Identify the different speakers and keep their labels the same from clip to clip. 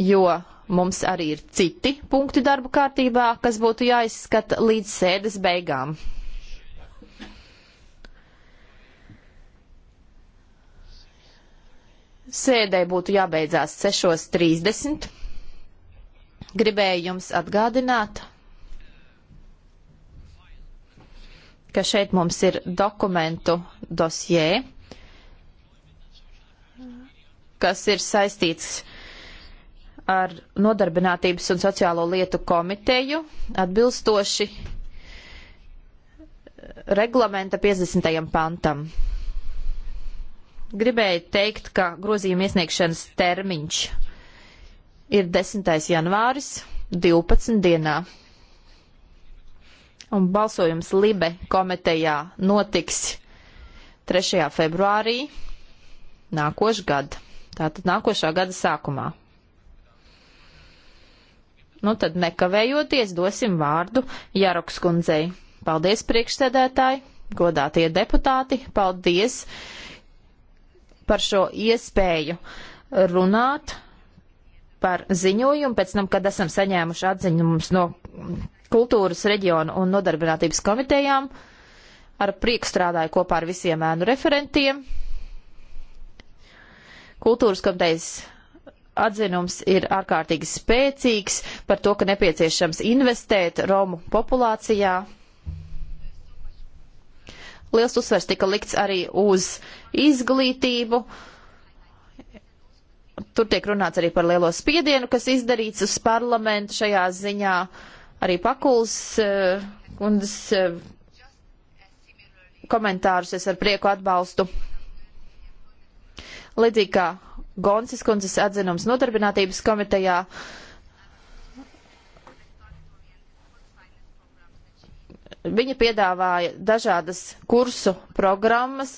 Speaker 1: jo mums arī ir citi punkti darba kārtībā, kas būtu jāizskata līdz sēdes beigām. Sēdē būtu jābeidzās 6.30. Gribēju jums atgādināt, ka šeit mums ir dokumentu dosjē, kas ir saistīts ar Nodarbinātības un sociālo lietu komiteju atbilstoši eh, reglamenta 50. pantam. Gribēju teikt, ka grozījuma iesniegšanas termiņš ir 10. janvāris 12 dienā. Un balsojums Libe komitejā notiks 3. februārī nākošgad. Tātad nākošā gada sākumā. Nu tad nekavējoties dosim vārdu Jaroks kundzei. Paldies priekšsēdētāji, godātie deputāti, paldies par šo iespēju runāt par ziņojumu pēc tam, kad esam saņēmuši atziņumus no kultūras reģionu un nodarbinātības komitejām. Ar prieku strādāju kopā ar visiem ēnu referentiem. Kultūras komitejas atzinums ir ārkārtīgi spēcīgs par to, ka nepieciešams investēt Romu populācijā. Liels uzsvers tika likts arī uz izglītību. Tur tiek runāts arī par lielo spiedienu, kas izdarīts uz parlamentu šajā ziņā. Arī pakuls eh, kundas eh, komentārus es ar prieku atbalstu. Līdzīgi kā Gonsis kundzes atzinums nodarbinātības komitejā. Viņa piedāvāja dažādas kursu programmas,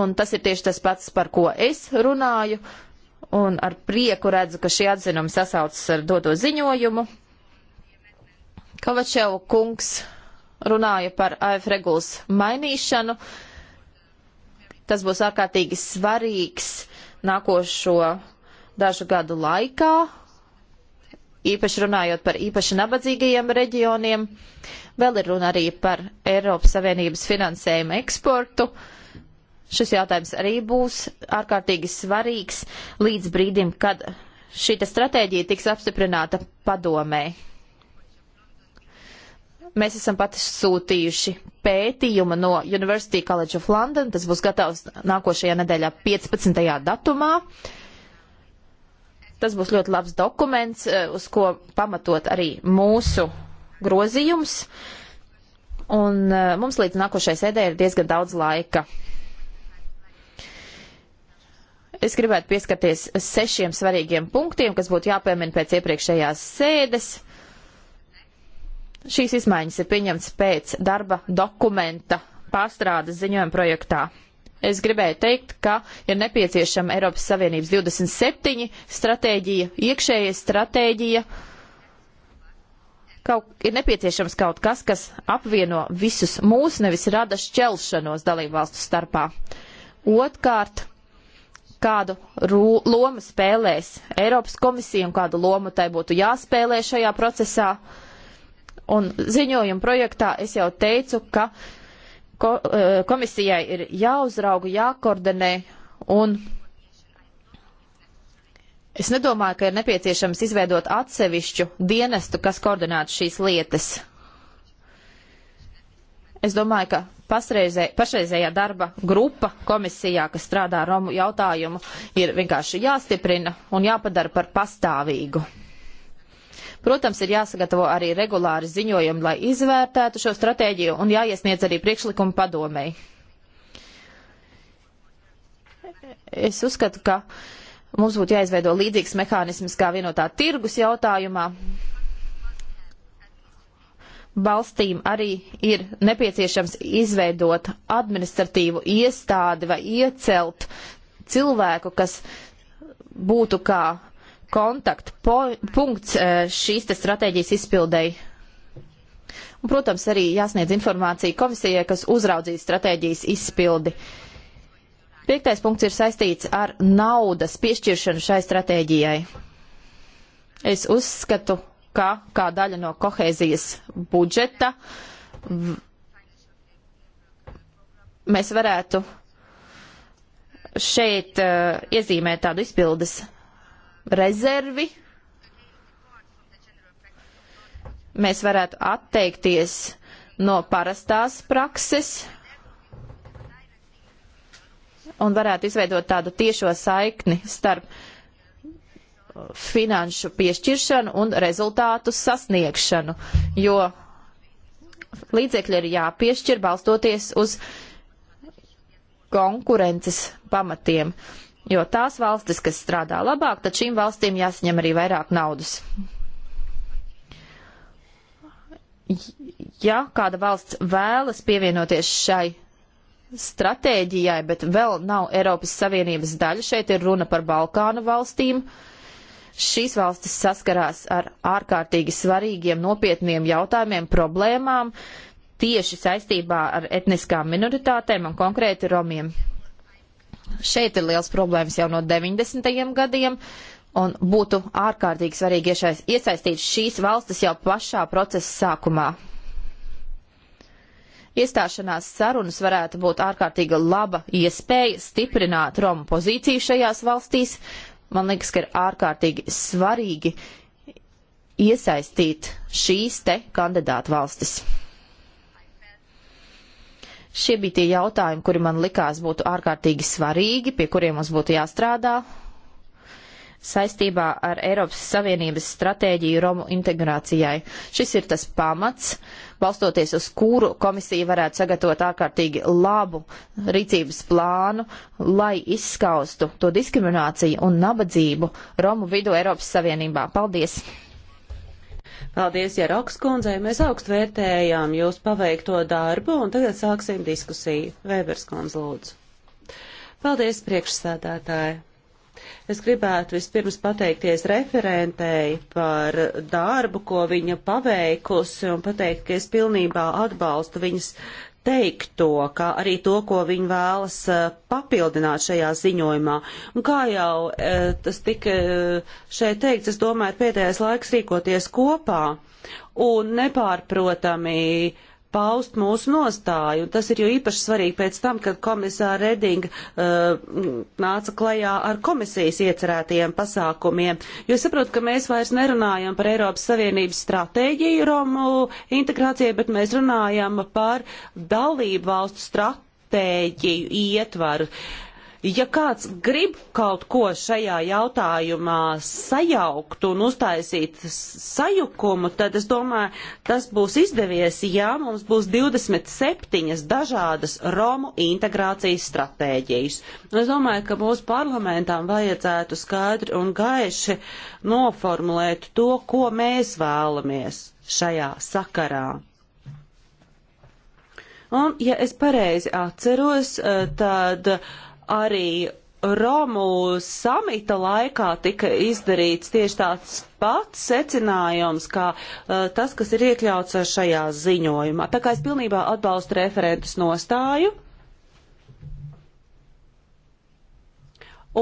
Speaker 1: un tas ir tieši tas pats, par ko es runāju, un ar prieku redzu, ka šī atzinuma sasaucas ar doto ziņojumu. Kovačev kungs runāja par AF regulas mainīšanu. Tas būs ārkārtīgi svarīgs uh, nākošo dažu gadu laikā, īpaši runājot par īpaši nabadzīgajiem reģioniem. Vēl ir runa arī par Eiropas Savienības finansējumu eksportu. Šis jautājums arī būs ārkārtīgi svarīgs līdz brīdim, kad šī stratēģija tiks apstiprināta padomē. Mēs esam pati sūtījuši pētījumu no University College of London. Tas būs gatavs nākošajā nedēļā 15. datumā. Tas būs ļoti labs dokuments, eh, uz ko pamatot arī mūsu grozījums. Un eh, mums līdz nākošajai sēdē ir diezgan daudz laika. Es gribētu pieskarties sešiem svarīgiem punktiem, kas būtu jāpiemina pēc iepriekšējās sēdes. Šīs izmaiņas ir pieņemts pēc darba dokumenta pārstrādes ziņojuma projektā. Es gribēju teikt, ka ir nepieciešama Eiropas Savienības 27 stratēģija, iekšējais stratēģija. Kaut, ir nepieciešams kaut kas, kas apvieno visus mūs, nevis rada šķelšanos dalībvalstu starpā. Otkārt, kādu rū, lomu spēlēs Eiropas komisija un kādu lomu tai būtu jāspēlē šajā procesā. Uh, Un ziņojuma projektā es jau teicu, ka ko, e, komisijai ir jāuzrauga, jākoordinē un es nedomāju, ka ir nepieciešams izveidot atsevišķu dienestu, kas koordinētu šīs lietas. Es domāju, ka pasreizē, pašreizējā darba grupa komisijā, kas strādā Romu jautājumu, ir vienkārši jāstiprina un jāpadara par pastāvīgu. Protams, ir jāsagatavo arī regulāri ziņojumi, lai izvērtētu šo stratēģiju un jāiesniedz arī priekšlikumu padomēji. Es uzskatu, ka mums būtu jāizveido līdzīgs mehānisms kā vienotā tirgus jautājumā. Valstīm arī ir nepieciešams izveidot administratīvu iestādi vai iecelt cilvēku, kas būtu kā kontaktpunkts e, šīs te stratēģijas izpildēji. Un, protams, arī jāsniedz informācija komisijai, kas uzraudzīs stratēģijas izpildi. Piektais punkts ir saistīts ar naudas piešķiršanu šai stratēģijai. Es uzskatu, ka kā daļa no kohēzijas budžeta mēs varētu šeit uh, iezīmēt tādu izpildes rezervi. Mēs varētu atteikties no parastās prakses un varētu izveidot tādu tiešo saikni starp finanšu piešķiršanu un rezultātu sasniegšanu, jo līdzekļi ir jāpiešķir balstoties uz konkurences pamatiem. Uh, Jo tās valstis, kas strādā labāk, tad šīm valstīm jāsaņem arī vairāk naudas. Ja kāda valsts vēlas pievienoties šai stratēģijai, bet vēl nav Eiropas Savienības daļa, šeit ir runa par Balkānu valstīm, šīs valstis saskarās ar ārkārtīgi svarīgiem, nopietniem jautājumiem, problēmām tieši saistībā ar etniskām minoritātēm un konkrēti romiem. Šeit ir liels problēmas jau no 90. gadiem, un būtu ārkārtīgi svarīgi iesaistīt šīs valstis jau pašā procesa sākumā. Iestāšanās sarunas varētu būt ārkārtīga laba iespēja stiprināt Romu pozīciju šajās valstīs. Man liekas, ka ir ārkārtīgi svarīgi iesaistīt šīs te kandidātu valstis. Šie bija tie jautājumi, kuri man likās būtu ārkārtīgi svarīgi, pie kuriem mums būtu jāstrādā saistībā ar Eiropas Savienības stratēģiju Romu integrācijai. Šis ir tas pamats, balstoties uz kuru komisija varētu sagatavot ārkārtīgi labu rīcības plānu, lai izskaustu to diskrimināciju un nabadzību Romu vidu Eiropas Savienībā. Paldies!
Speaker 2: Paldies, Jaroks kundzei. Mēs augstu vērtējām jūs paveikto darbu, un tagad sāksim diskusiju. Vēbers kundze, lūdzu. Paldies, priekšsēdētāji. Es gribētu vispirms pateikties referentēji par darbu, ko viņa paveikusi, un pateikt, ka es pilnībā atbalstu viņas teikto, kā arī to, ko viņi vēlas eh, papildināt šajā ziņojumā. Un kā jau eh, tas tika eh, šeit teikts, es domāju, ir pēdējais laiks rīkoties kopā un nepārprotami uh, paust mūsu nostāju. Tas ir jo īpaši svarīgi pēc tam, kad komisāra Redinga uh, nāca klajā ar komisijas iecerētajiem pasākumiem. Jo es saprotu, ka mēs vairs nerunājam par Eiropas Savienības stratēģiju Romu integrācijai, bet mēs runājam par dalību valstu stratēģiju ietvaru. Uh, Ja kāds grib kaut ko šajā jautājumā sajaukt un uztaisīt sajukumu, tad es domāju, tas būs izdevies, ja mums būs 27 dažādas Romu integrācijas stratēģijas. Un es domāju, ka mūsu parlamentām vajadzētu skaidri un gaiši noformulēt to, ko mēs vēlamies šajā sakarā. Un, ja es pareizi atceros, eh, tad uh, arī Romu samita laikā tika izdarīts tieši tāds pats secinājums, kā uh, tas, kas ir iekļauts šajā ziņojumā. Tā kā es pilnībā atbalstu referentus nostāju.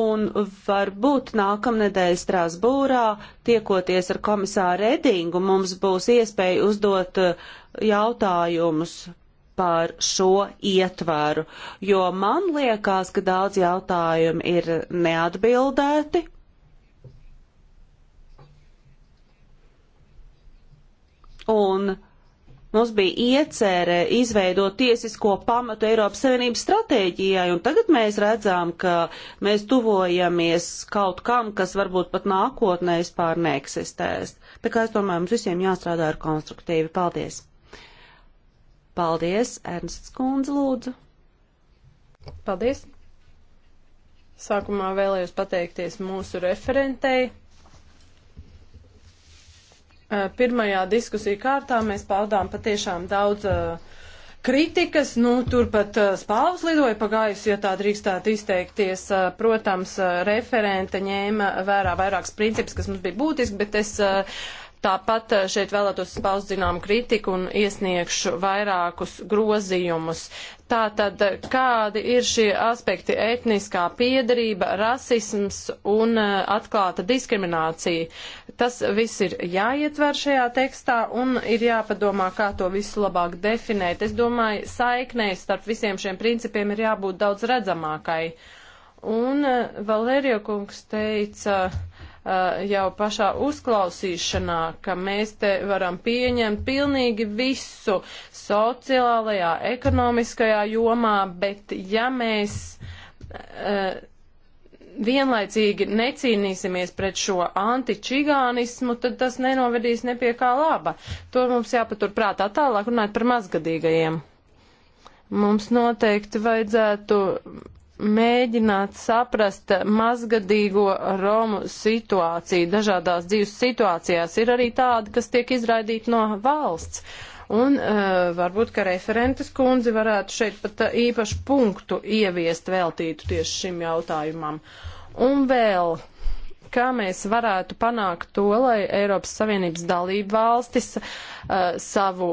Speaker 2: Un varbūt nākamnedēļ Strasbūrā, tiekoties ar komisāru Redingu, mums būs iespēja uzdot uh, jautājumus par šo ietvaru, jo man liekas, ka daudz jautājumu ir neatbildēti. Un Mums bija iecerē izveidot tiesisko pamatu Eiropas Savienības stratēģijai, un tagad mēs redzam, ka mēs tuvojamies kaut kam, kas varbūt pat nākotnē vispār neeksistēs. Tā kā es domāju, mums visiem jāstrādā ar konstruktīvi. Paldies! Paldies, Ernsts Kundze, lūdzu. Paldies.
Speaker 3: Sākumā vēlējos pateikties mūsu referentei. Pirmajā diskusiju kārtā mēs paudām patiešām daudz uh, kritikas, nu, turpat spāvus lidoja pagājusi, ja tā drīkstētu izteikties. Protams, referente ņēma vērā vairākas principus, kas mums bija būtiski, bet es Tāpat eh, šeit vēlētos spaust zinām kritiku un iesniegšu vairākus grozījumus. Tātad, eh, kādi ir šie aspekti - etniskā piedarība, rasisms un eh, atklāta diskriminācija? Tas viss ir jāietver šajā tekstā un ir jāpadomā, kā to visu labāk definēt. Es domāju, saiknē starp visiem šiem principiem ir jābūt daudz redzamākai. Un Valērija kungs teica, uh, Eh, jau pašā uzklausīšanā, ka mēs te varam pieņemt pilnīgi visu sociālajā, ekonomiskajā jomā, bet ja mēs eh, vienlaicīgi necīnīsimies pret šo antičigānismu, tad tas nenovedīs ne pie kā laba. To mums jāpatur prātā tālāk runāt par mazgadīgajiem. Mums noteikti vajadzētu mēģināt saprast mazgadīgo Romu situāciju. Dažādās dzīves situācijās ir arī tādi, kas tiek izraidīti no valsts. Un uh, varbūt, ka referentes kundze varētu šeit pat uh, īpašu punktu ieviest veltītu tieši šim jautājumam. Un vēl kā mēs varētu panākt to, lai Eiropas Savienības dalību valstis uh, savu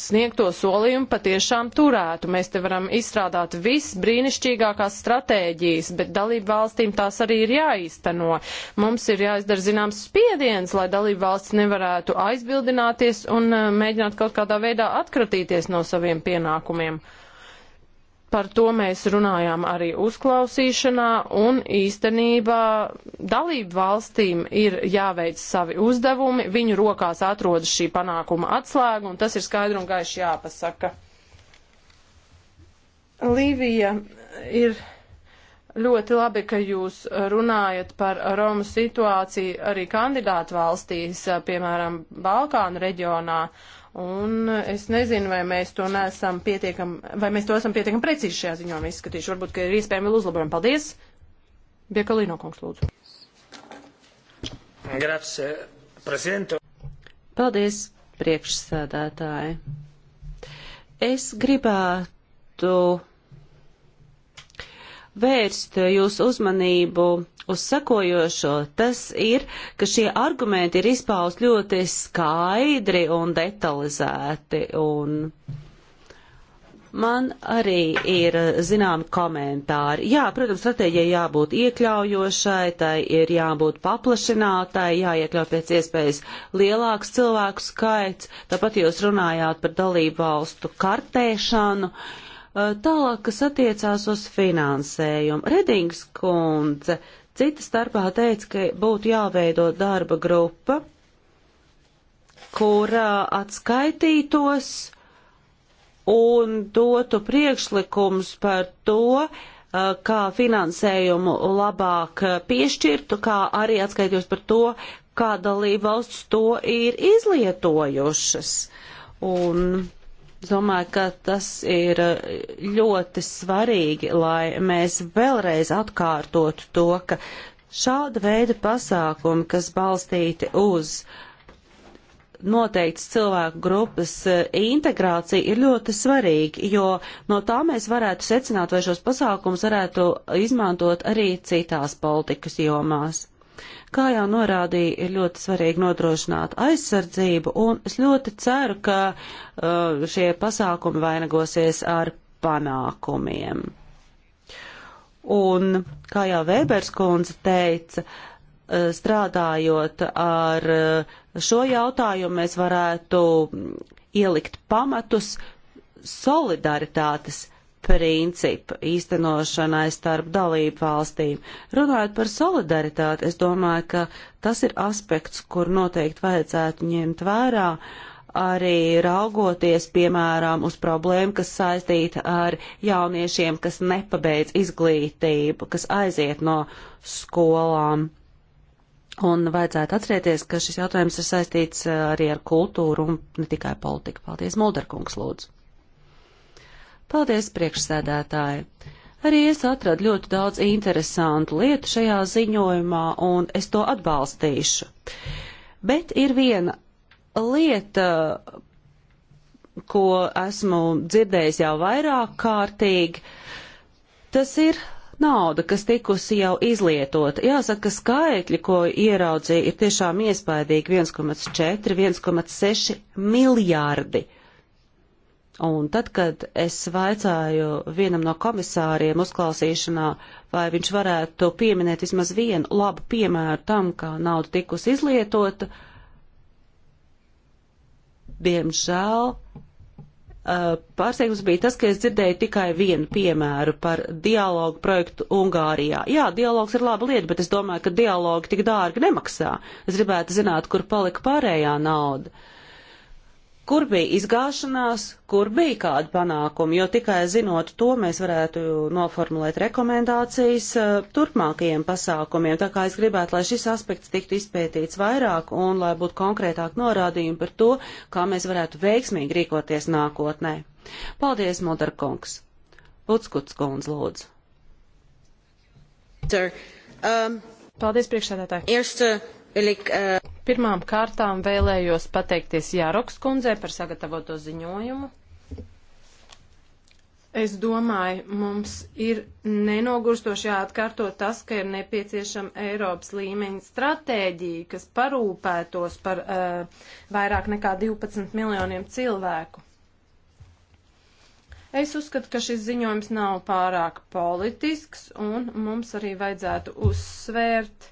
Speaker 3: sniegto solījumu patiešām turētu. Mēs te varam izstrādāt viss brīnišķīgākās stratēģijas, bet dalību valstīm tās arī ir jāīsteno. Mums ir jāizdara zināms spiediens, lai dalību valsts nevarētu aizbildināties un uh, mēģināt kaut kādā veidā atkratīties no saviem pienākumiem. Par to mēs runājām arī uzklausīšanā, un īstenībā dalību valstīm ir jāveic savi uzdevumi, viņu rokās atrodas šī panākuma atslēga, un tas ir skaidri un gaiši jāpasaka. Līvija ir Ļoti labi, ka jūs runājat par Romu situāciju arī kandidātu valstīs, piemēram, Balkānu reģionā. Un es nezinu, vai mēs to neesam pietiekam, vai mēs to esam pietiekam precīzi šajā ziņojumā izskatījuši. Varbūt, ka ir iespējami vēl uzlabojumi. Paldies!
Speaker 2: Biekalīno kungs, lūdzu.
Speaker 1: Grazie, prezidento.
Speaker 2: Paldies, priekšsēdētāji. Es gribētu vērst jūsu uzmanību uz sekojošo. Tas ir, ka šie argumenti ir izpaust ļoti skaidri un detalizēti. Un man arī ir zināmi komentāri. Jā, protams, stratēģijai jābūt iekļaujošai, tai ir jābūt paplašinātai, jāiekļauj pēc iespējas lielāks cilvēku skaits. Tāpat jūs runājāt par dalību valstu kartēšanu. Uh, Tālāk, kas attiecās uz finansējumu. Redings kundze cita starpā teica, ka būtu jāveido darba grupa, kurā atskaitītos un dotu priekšlikums par to, kā finansējumu labāk piešķirtu, kā arī atskaitītos par to, kā dalībvalsts to ir izlietojušas. Un domāju, ka tas ir eh, ļoti svarīgi, lai mēs vēlreiz atkārtotu to, ka šāda veida pasākumi, kas balstīti uz noteikts cilvēku grupas eh, integrācija ir ļoti svarīgi, jo no tā mēs varētu secināt, vai šos pasākumus varētu izmantot arī citās politikas jomās. Kā jau norādīja, ir ļoti svarīgi nodrošināt aizsardzību, un es ļoti ceru, ka uh, šie pasākumi vainagosies ar panākumiem. Un, kā jau Vēbers kundze teica, uh, strādājot ar uh, šo jautājumu, mēs varētu mm, ielikt pamatus solidaritātes principu īstenošanai starp dalību valstīm. Runājot par solidaritāti, es domāju, ka tas ir aspekts, kur noteikti vajadzētu ņemt vērā arī raugoties, piemēram, uz problēmu, kas saistīta ar jauniešiem, kas nepabeidz izglītību, kas aiziet no skolām. Un vajadzētu atcerēties, ka šis jautājums ir saistīts uh, arī ar kultūru un ne tikai politiku. Paldies, Mulderkungs, lūdzu. Paldies, priekšsēdētāji! Arī es atradu ļoti daudz interesantu lietu šajā ziņojumā, un es to atbalstīšu. Bet ir viena lieta, ko esmu dzirdējis jau vairāk kārtīgi, tas ir nauda, kas tikusi jau izlietota. Jāsaka, skaitļi, ko ieraudzīja, ir tiešām iespaidīgi 1,4, 1,6 miljārdi. Uh, Un tad, kad es vaicāju vienam no komisāriem uzklausīšanā, vai viņš varētu pieminēt vismaz vienu labu piemēru tam, kā nauda tikusi izlietota, diemžēl eh, pārsteigums bija tas, ka es dzirdēju tikai vienu piemēru par dialogu projektu Ungārijā. Jā, dialogs ir laba lieta, bet es domāju, ka dialogi tik dārgi nemaksā. Es gribētu zināt, kur palika pārējā nauda. Uh, kur bija izgāšanās, kur bija kādi panākumi, jo tikai zinot to, mēs varētu noformulēt rekomendācijas uh, turpmākajiem pasākumiem. Tā kā es gribētu, lai šis aspekts tiktu izpētīts vairāk un lai būtu konkrētāk norādījumi par to, kā mēs varētu veiksmīgi rīkoties nākotnē. Paldies, Modarkungs! Putskuts kundz, lūdzu!
Speaker 3: Sir, um, Paldies, priekšsēdētāji! Eerst, uh, Eh, Pirmām kārtām vēlējos pateikties Jāroks kundzei par sagatavoto ziņojumu. Es domāju, mums ir nenogurstoši jāatkārto tas, ka ir nepieciešama Eiropas līmeņa stratēģija, kas parūpētos par uh, vairāk nekā 12 miljoniem cilvēku. Es uzskatu, ka šis ziņojums nav pārāk politisks, un mums arī vajadzētu uzsvērt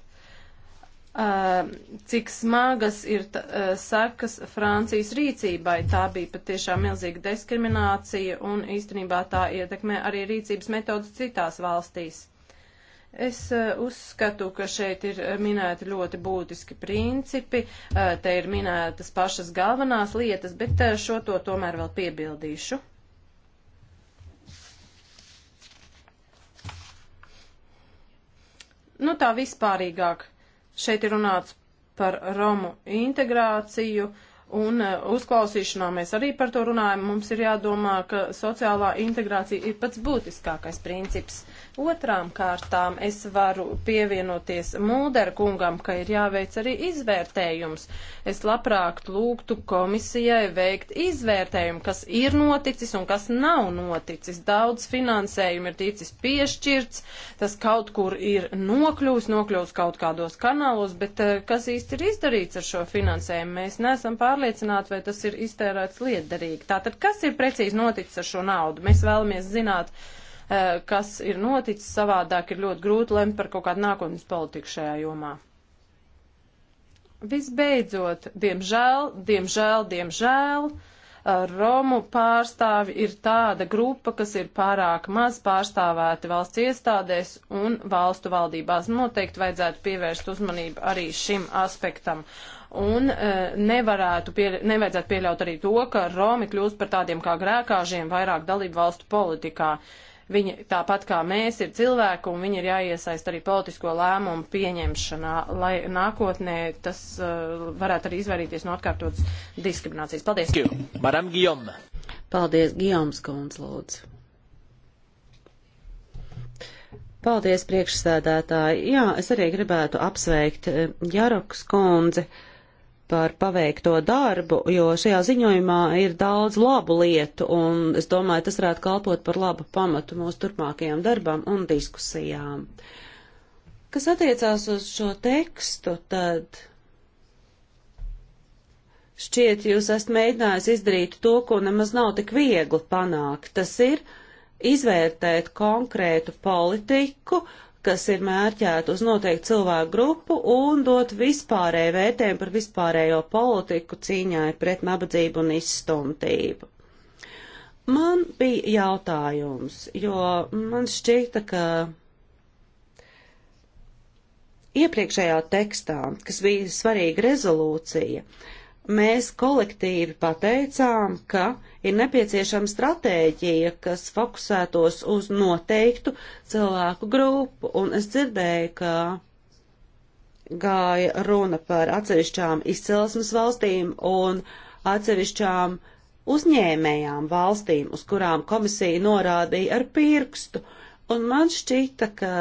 Speaker 3: Uh, cik smagas ir uh, sekas Francijas rīcībai. Tā bija patiešām milzīga diskriminācija un īstenībā tā ietekmē arī rīcības metodus citās valstīs. Es uh, uzskatu, ka šeit ir minēti ļoti būtiski principi, te ir minētas pašas galvenās lietas, bet šo to tomēr vēl piebildīšu. Nu tā vispārīgāk. Uh, Šeit ir runāts par Romu integrāciju. Un e, uzklausīšanā mēs arī par to runājam. Mums ir jādomā, ka sociālā integrācija ir pats būtiskākais princips. Otrām kārtām es varu pievienoties Mūdera kungam, ka ir jāveic arī izvērtējums. Es labprāt lūgtu komisijai veikt izvērtējumu, kas ir noticis un kas nav noticis. Daudz finansējumu ir ticis piešķirts, tas kaut kur ir nokļūst, nokļūst kaut kādos kanālos, bet eh, kas īsti ir izdarīts ar šo finansējumu? Mēs neesam pārliecināti, vai tas ir iztērēts lietderīgi. Tātad, kas ir precīzi noticis ar šo naudu? Mēs vēlamies zināt, uh, Eh, kas ir noticis savādāk, ir ļoti grūti lemt par kaut kādu nākotnes politiku šajā jomā. Visbeidzot, diemžēl, diemžēl, diemžēl, eh, Romu pārstāvi ir tāda grupa, kas ir pārāk maz pārstāvēti valsts iestādēs un valstu valdībās. Noteikti vajadzētu pievērst uzmanību arī šim aspektam un e, nevarētu pie, nevajadzētu pieļaut arī to, ka Romi kļūst par tādiem kā grēkāžiem vairāk dalību valstu politikā. E, Viņi tāpat kā mēs ir cilvēki un viņi ir jāiesaist arī politisko lēmumu pieņemšanā, lai nākotnē tas uh, varētu arī izvairīties no atkārtotas diskriminācijas. Paldies!
Speaker 1: Madam Guillaume! Paldies,
Speaker 2: Gijoms Kunz, lūdzu! Paldies, priekšsēdētāji! Jā, es arī gribētu apsveikt eh, Jaroks Kunzi. Uh, par paveikto darbu, jo šajā ziņojumā ir daudz labu lietu, un es domāju, tas varētu kalpot par labu pamatu mūsu turpmākajām darbām un diskusijām. Kas attiecās uz šo tekstu, tad šķiet, jūs esat mēģinājis izdarīt to, ko nemaz nav tik viegli panākt. Tas ir izvērtēt konkrētu politiku, uh, kas ir mērķēta uz noteiktu cilvēku grupu un dot vispārēju vērtējumu par vispārējo politiku cīņai pret nabadzību un izstumtību. Man bija jautājums, jo man šķita, ka iepriekšējā tekstā, kas bija svarīga rezolūcija, uh, mēs kolektīvi pateicām, ka ir nepieciešama stratēģija, kas fokusētos uz noteiktu cilvēku grupu, un es dzirdēju, ka gāja runa par atsevišķām izcelsmes valstīm un atsevišķām uzņēmējām valstīm, uz kurām komisija norādīja ar pirkstu, un man šķita, ka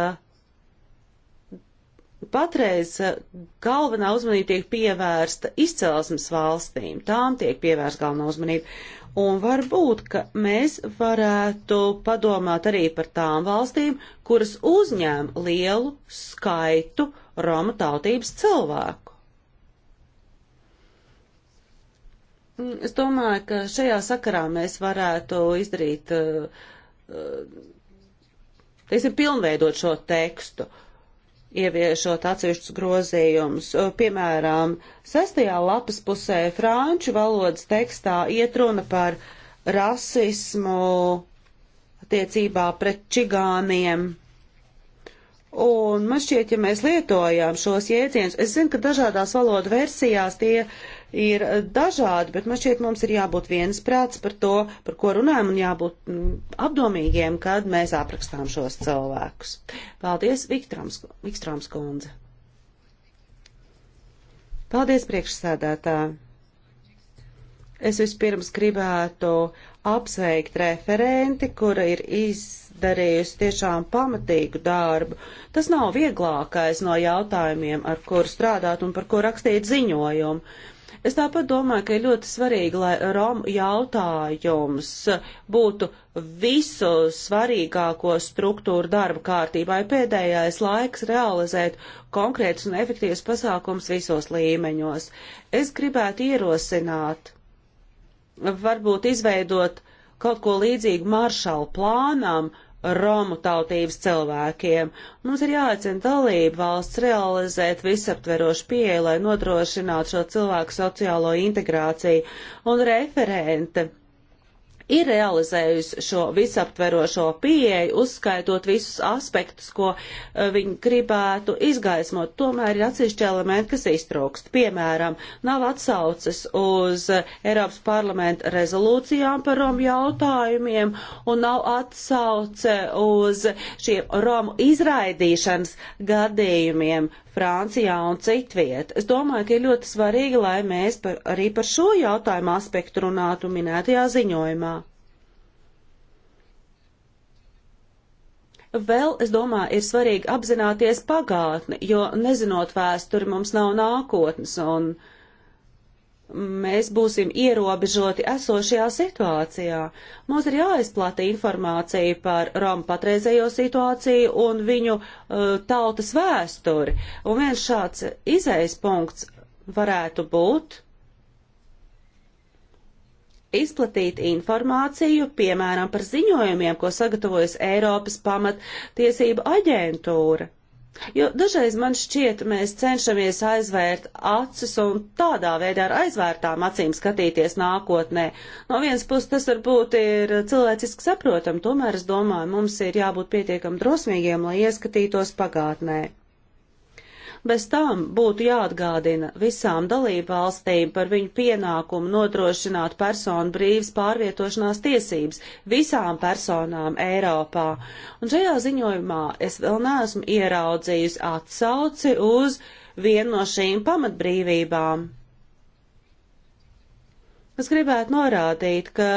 Speaker 2: Patreiz eh, galvenā uzmanība tiek pievērsta izcelsmes valstīm, tām tiek pievērsta galvenā uzmanība. Un varbūt, ka mēs varētu padomāt arī par tām valstīm, kuras uzņēma lielu skaitu Roma tautības cilvēku. Mm, es domāju, ka šajā sakarā mēs varētu izdarīt, eh, eh, teiksim, pilnveidot šo tekstu. Uh, ieviešot atsevišķus grozījumus. Piemēram, sestajā lapas pusē franču valodas tekstā iet runa par rasismu attiecībā pret čigāniem. Un man šķiet, ja mēs lietojām šos jēdzienus, es zinu, ka dažādās valodu versijās tie ir eh, dažādi, bet man šķiet, mums ir jābūt viensprāts par to, par ko runājam, un jābūt mm, apdomīgiem, kad mēs aprakstām šos cilvēkus. Paldies, Vikstrāms kundze. Paldies, priekšsēdētā. Es vispirms gribētu apsveikt referenti, kura ir izdarījusi tiešām pamatīgu darbu. Tas nav vieglākais no jautājumiem, ar kuru strādāt un par ko rakstīt ziņojumu. Es tāpat domāju, ka ir ļoti svarīgi, lai Romu jautājums būtu visu svarīgāko struktūru darba kārtībai pēdējais laiks realizēt konkrētus un efektīvus pasākums visos līmeņos. Es gribētu ierosināt, varbūt izveidot kaut ko līdzīgu maršalu plānām, Romu tautības cilvēkiem. Mums ir jāaicina dalība valsts realizēt visaptverošu pieeju, lai nodrošinātu šo cilvēku sociālo integrāciju. Un referente ir realizējusi šo visaptverošo pieeju, uzskaitot visus aspektus, ko eh, viņi gribētu izgaismot. Tomēr ir atsevišķi elementi, kas iztrūkst. Piemēram, nav atsauces uz Eiropas parlamenta rezolūcijām par Romu jautājumiem un nav atsauce uz šiem Romu izraidīšanas gadījumiem Francijā un citviet. Es domāju, ka ir ļoti svarīgi, lai mēs par, arī par šo jautājumu aspektu runātu minētajā ziņojumā. Vēl, es domāju, ir svarīgi apzināties pagātni, jo nezinot vēsturi, mums nav nākotnes, un uh, mēs būsim ierobežoti esošajā situācijā. Mums ir jāizplata informācija par Romu patreizējo situāciju un viņu uh, tautas vēsturi. Un viens šāds izejas punkts varētu būt izplatīt informāciju, piemēram, par ziņojumiem, ko sagatavojas Eiropas pamattiesību aģentūra. Jo dažreiz man šķiet, mēs cenšamies aizvērt acis un tādā veidā ar aizvērtām acīm skatīties nākotnē. No vienas puses tas varbūt ir cilvēciski saprotam, tomēr es domāju, mums ir jābūt pietiekam drosmīgiem, lai ieskatītos pagātnē. Bez tām būtu jāatgādina visām dalībvalstīm par viņu pienākumu nodrošināt personu brīvas pārvietošanās tiesības visām personām Eiropā. Un šajā ziņojumā es vēl neesmu ieraudzījusi atsauci uz vienu no šīm pamatbrīvībām. Es gribētu norādīt, ka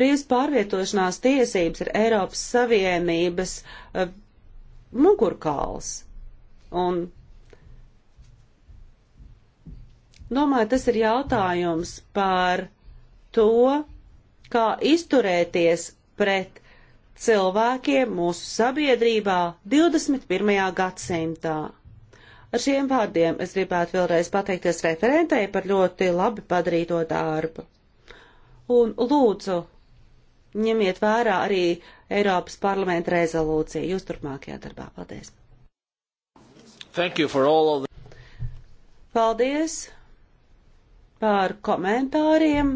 Speaker 2: brīvas pārvietošanās tiesības ir Eiropas Savienības uh, mugurkauls. Un Domāju, tas ir jautājums par to, kā izturēties pret cilvēkiem mūsu sabiedrībā 21. gadsimtā. Ar šiem vārdiem es gribētu vēlreiz pateikties referentei par ļoti labi padarīto darbu. Un lūdzu, ņemiet vērā arī Eiropas parlamenta rezolūciju jūs turpmākajā darbā. Paldies!
Speaker 3: Thank you for all of the...
Speaker 2: Paldies par komentāriem,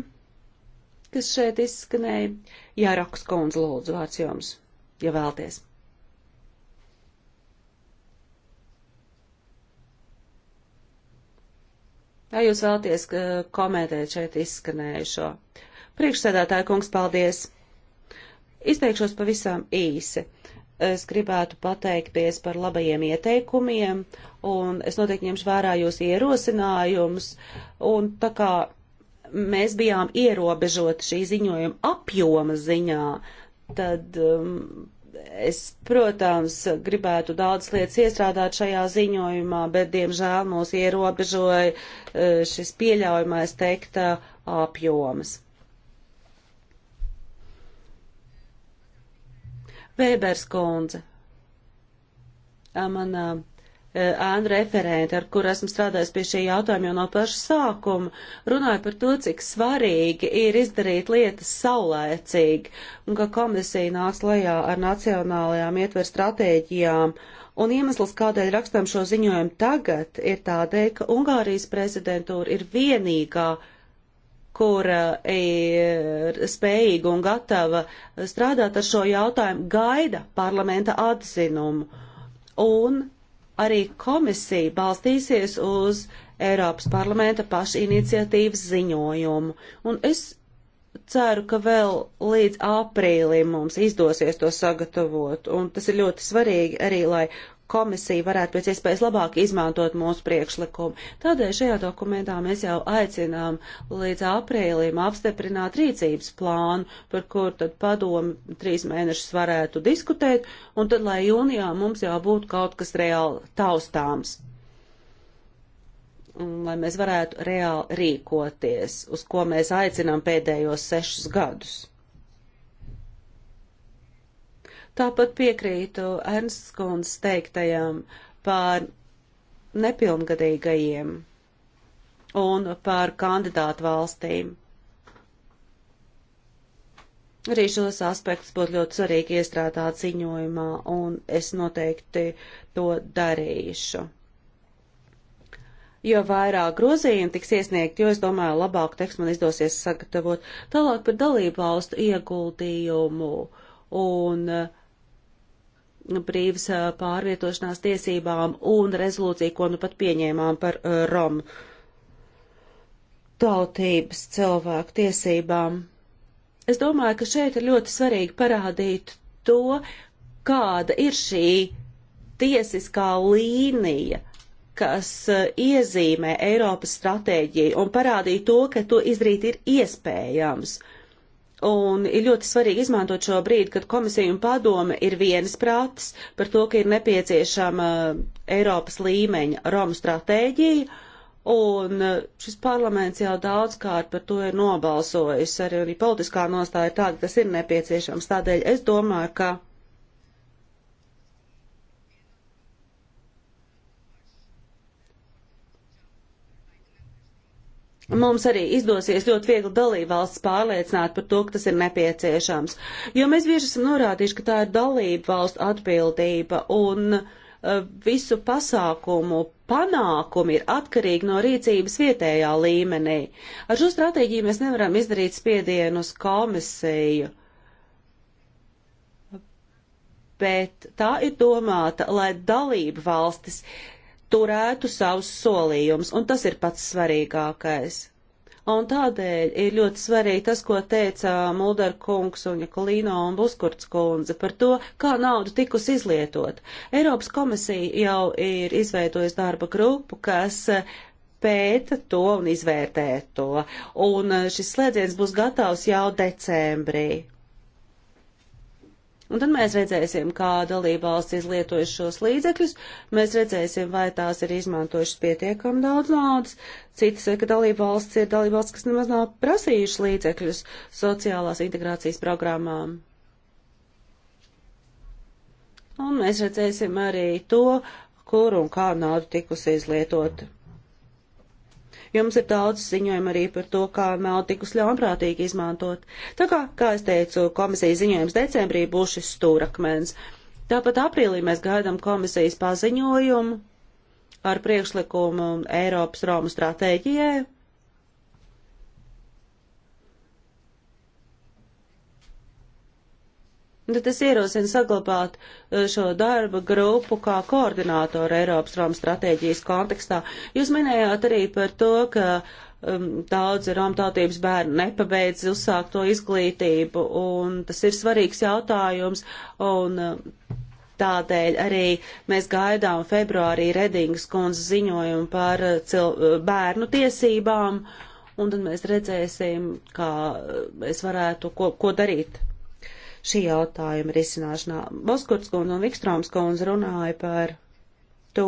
Speaker 2: kas šeit izskanēja. Jā, Rakskundze, lūdzu, vārds jums, ja vēlties. Ja jūs vēlties komentēt šeit izskanējušo. Priekšsēdētāja kungs, paldies! Izteikšos pavisam īsi es gribētu pateikties par labajiem ieteikumiem, un es noteikti ņemšu vērā jūs ierosinājumus, un tā kā mēs bijām ierobežoti šī ziņojuma apjoma ziņā, tad um, es, protams, gribētu daudz lietas iestrādāt šajā ziņojumā, bet, diemžēl, mūs ierobežoja uh, šis pieļaujamais teikta apjoms. Vēbers kundze, manā ēnu e, referente, ar kur esmu strādājis pie šī jautājuma jau no paša sākuma, runāja par to, cik svarīgi ir izdarīt lietas saulēcīgi un ka komisija nāks lejā ar nacionālajām ietver stratēģijām. Un iemesls, kādēļ rakstam šo ziņojumu tagad, ir tādēļ, ka Ungārijas prezidentūra ir vienīgā uh, kura ir spējīga un gatava strādāt ar šo jautājumu, gaida parlamenta atzinumu. Un arī komisija balstīsies uz Eiropas parlamenta pašiniciatīvas ziņojumu. Un es ceru, ka vēl līdz aprīlim mums izdosies to sagatavot. Un tas ir ļoti svarīgi arī, lai komisija varētu pēc iespējas labāk izmantot mūsu priekšlikumu. Tādēļ šajā dokumentā mēs jau aicinām līdz aprīlim apstiprināt rīcības plānu, par kur tad padomu trīs mēnešus varētu diskutēt, un tad, lai jūnijā mums jau būtu kaut kas reāli taustāms. Un, lai mēs varētu reāli rīkoties, uz ko mēs aicinām pēdējos sešus gadus. Tāpat piekrītu Ernsts Kunds teiktajam par nepilngadīgajiem un par kandidātu valstīm. Arī šos aspektus būtu ļoti svarīgi iestrādāt ziņojumā, un es noteikti to darīšu. Jo vairāk grozījumu tiks iesniegt, jo es domāju, labāk teksts man izdosies sagatavot. Tālāk par dalību valstu ieguldījumu un uh, brīvas pārvietošanās tiesībām un rezolūciju, ko nu pat pieņēmām par Romu tautības cilvēku tiesībām. Es domāju, ka šeit ir ļoti svarīgi parādīt to, kāda ir šī tiesiskā līnija, kas iezīmē Eiropas stratēģiju un parādīja to, ka to izdarīt ir iespējams. Uh, Un ir ļoti svarīgi izmantot šo brīdi, kad komisija un padome ir vienas prātas par to, ka ir nepieciešama Eiropas līmeņa Romu stratēģija. Un uh, šis parlaments jau daudzkārt par to ir nobalsojis, arī, arī politiskā nostāja tāda, kas ir nepieciešams. Tādēļ es domāju, ka mums arī izdosies ļoti viegli dalībvalsts pārliecināt par to, ka tas ir nepieciešams. Jo mēs bieži esam norādījuši, ka tā ir dalībvalstu atbildība un eh, visu pasākumu panākumi ir atkarīgi no rīcības vietējā līmenī. Ar šo stratēģiju mēs nevaram izdarīt spiedienu uz komisiju, bet tā ir domāta, lai dalība valstis uh, turētu savus solījumus, un tas ir pats svarīgākais. Un tādēļ ir ļoti svarīgi tas, ko teica Muldar kungs un Jakolīno un Buskurts kundze par to, kā nauda tikus izlietot. Eiropas komisija jau ir izveidojusi darba grupu, kas pēta to un izvērtē to, un šis slēdziens būs gatavs jau decembrī. Un tad mēs redzēsim, kā dalībvalsts izlietojas šos līdzekļus, mēs redzēsim, vai tās ir izmantojušas pietiekami daudz naudas. Citas ir, ka dalībvalsts ir dalībvalsts, kas nemaz nav prasījušas līdzekļus sociālās integrācijas programmām. Un mēs redzēsim arī to, kur un kā nauda tikusi izlietota. Jums ir daudz ziņojumu arī par to, kā naudikus ļaunprātīgi izmantot. Tā kā, kā es teicu, komisijas ziņojums decembrī būs šis stūrakmens. Tāpat aprīlī mēs gaidām komisijas paziņojumu ar priekšlikumu Eiropas Romu stratēģijai Un tad es ierosinu saglabāt e, šo darba grupu kā koordinātoru Eiropas Romas stratēģijas kontekstā. Jūs minējāt arī par to, ka um, daudzi Romas tautības bērni nepabeidz uzsākto izglītību, un tas ir svarīgs jautājums. Un, um, Tādēļ arī mēs gaidām februārī Redingas kundzes ziņojumu par e, cil, e, bērnu tiesībām, un tad mēs redzēsim, kā mēs varētu, ko, ko darīt šī jautājuma risināšanā. Boskurts kundze un Vikstrāms kundze runāja par to,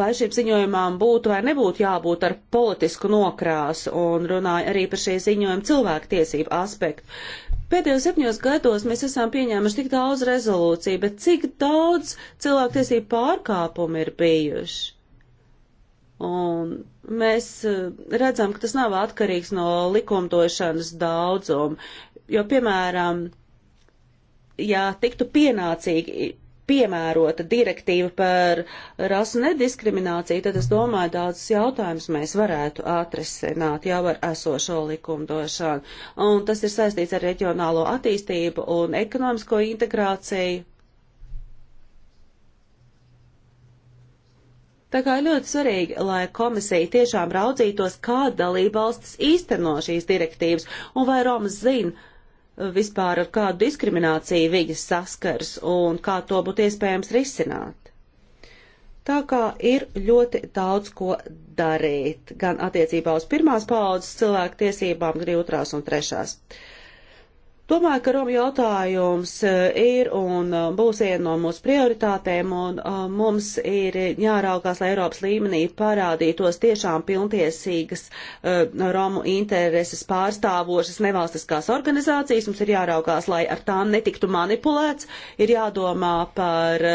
Speaker 2: vai šīm ziņojumām būtu vai nebūtu jābūt ar politisku nokrāsu un runāja arī par šī ziņojuma cilvēktiesību aspektu. Pēdējos septņos gados mēs esam pieņēmuši tik daudz rezolūciju, bet cik daudz cilvēktiesību pārkāpumu ir bijuši? Un mēs eh, redzam, ka tas nav atkarīgs no likumdošanas daudzuma. Jo, piemēram, ja tiktu pienācīgi piemērota direktīva par rasu nediskrimināciju, tad es domāju, daudzus jautājumus mēs varētu atrisināt jau ar esošo likumdošanu. Un tas ir saistīts ar reģionālo attīstību un ekonomisko integrāciju. Tā kā ļoti svarīgi, lai komisija tiešām raudzītos, kā dalība valstis īsteno šīs direktīvas un vai Romas zina, vispār ar kādu diskrimināciju viņas saskars un kā to būtu iespējams risināt. Tā kā ir ļoti daudz ko darīt, gan attiecībā uz pirmās paudzes cilvēku tiesībām, gan otrās un trešās. Uh, Domāju, ka Roma jautājums e, ir un e, būs viena no mūsu prioritātēm, un e, mums ir jāraugās, lai Eiropas līmenī parādītos tiešām pilntiesīgas Romu intereses pārstāvošas nevalstiskās organizācijas. Mums ir jāraugās, lai ar tām netiktu manipulēts, ir jādomā par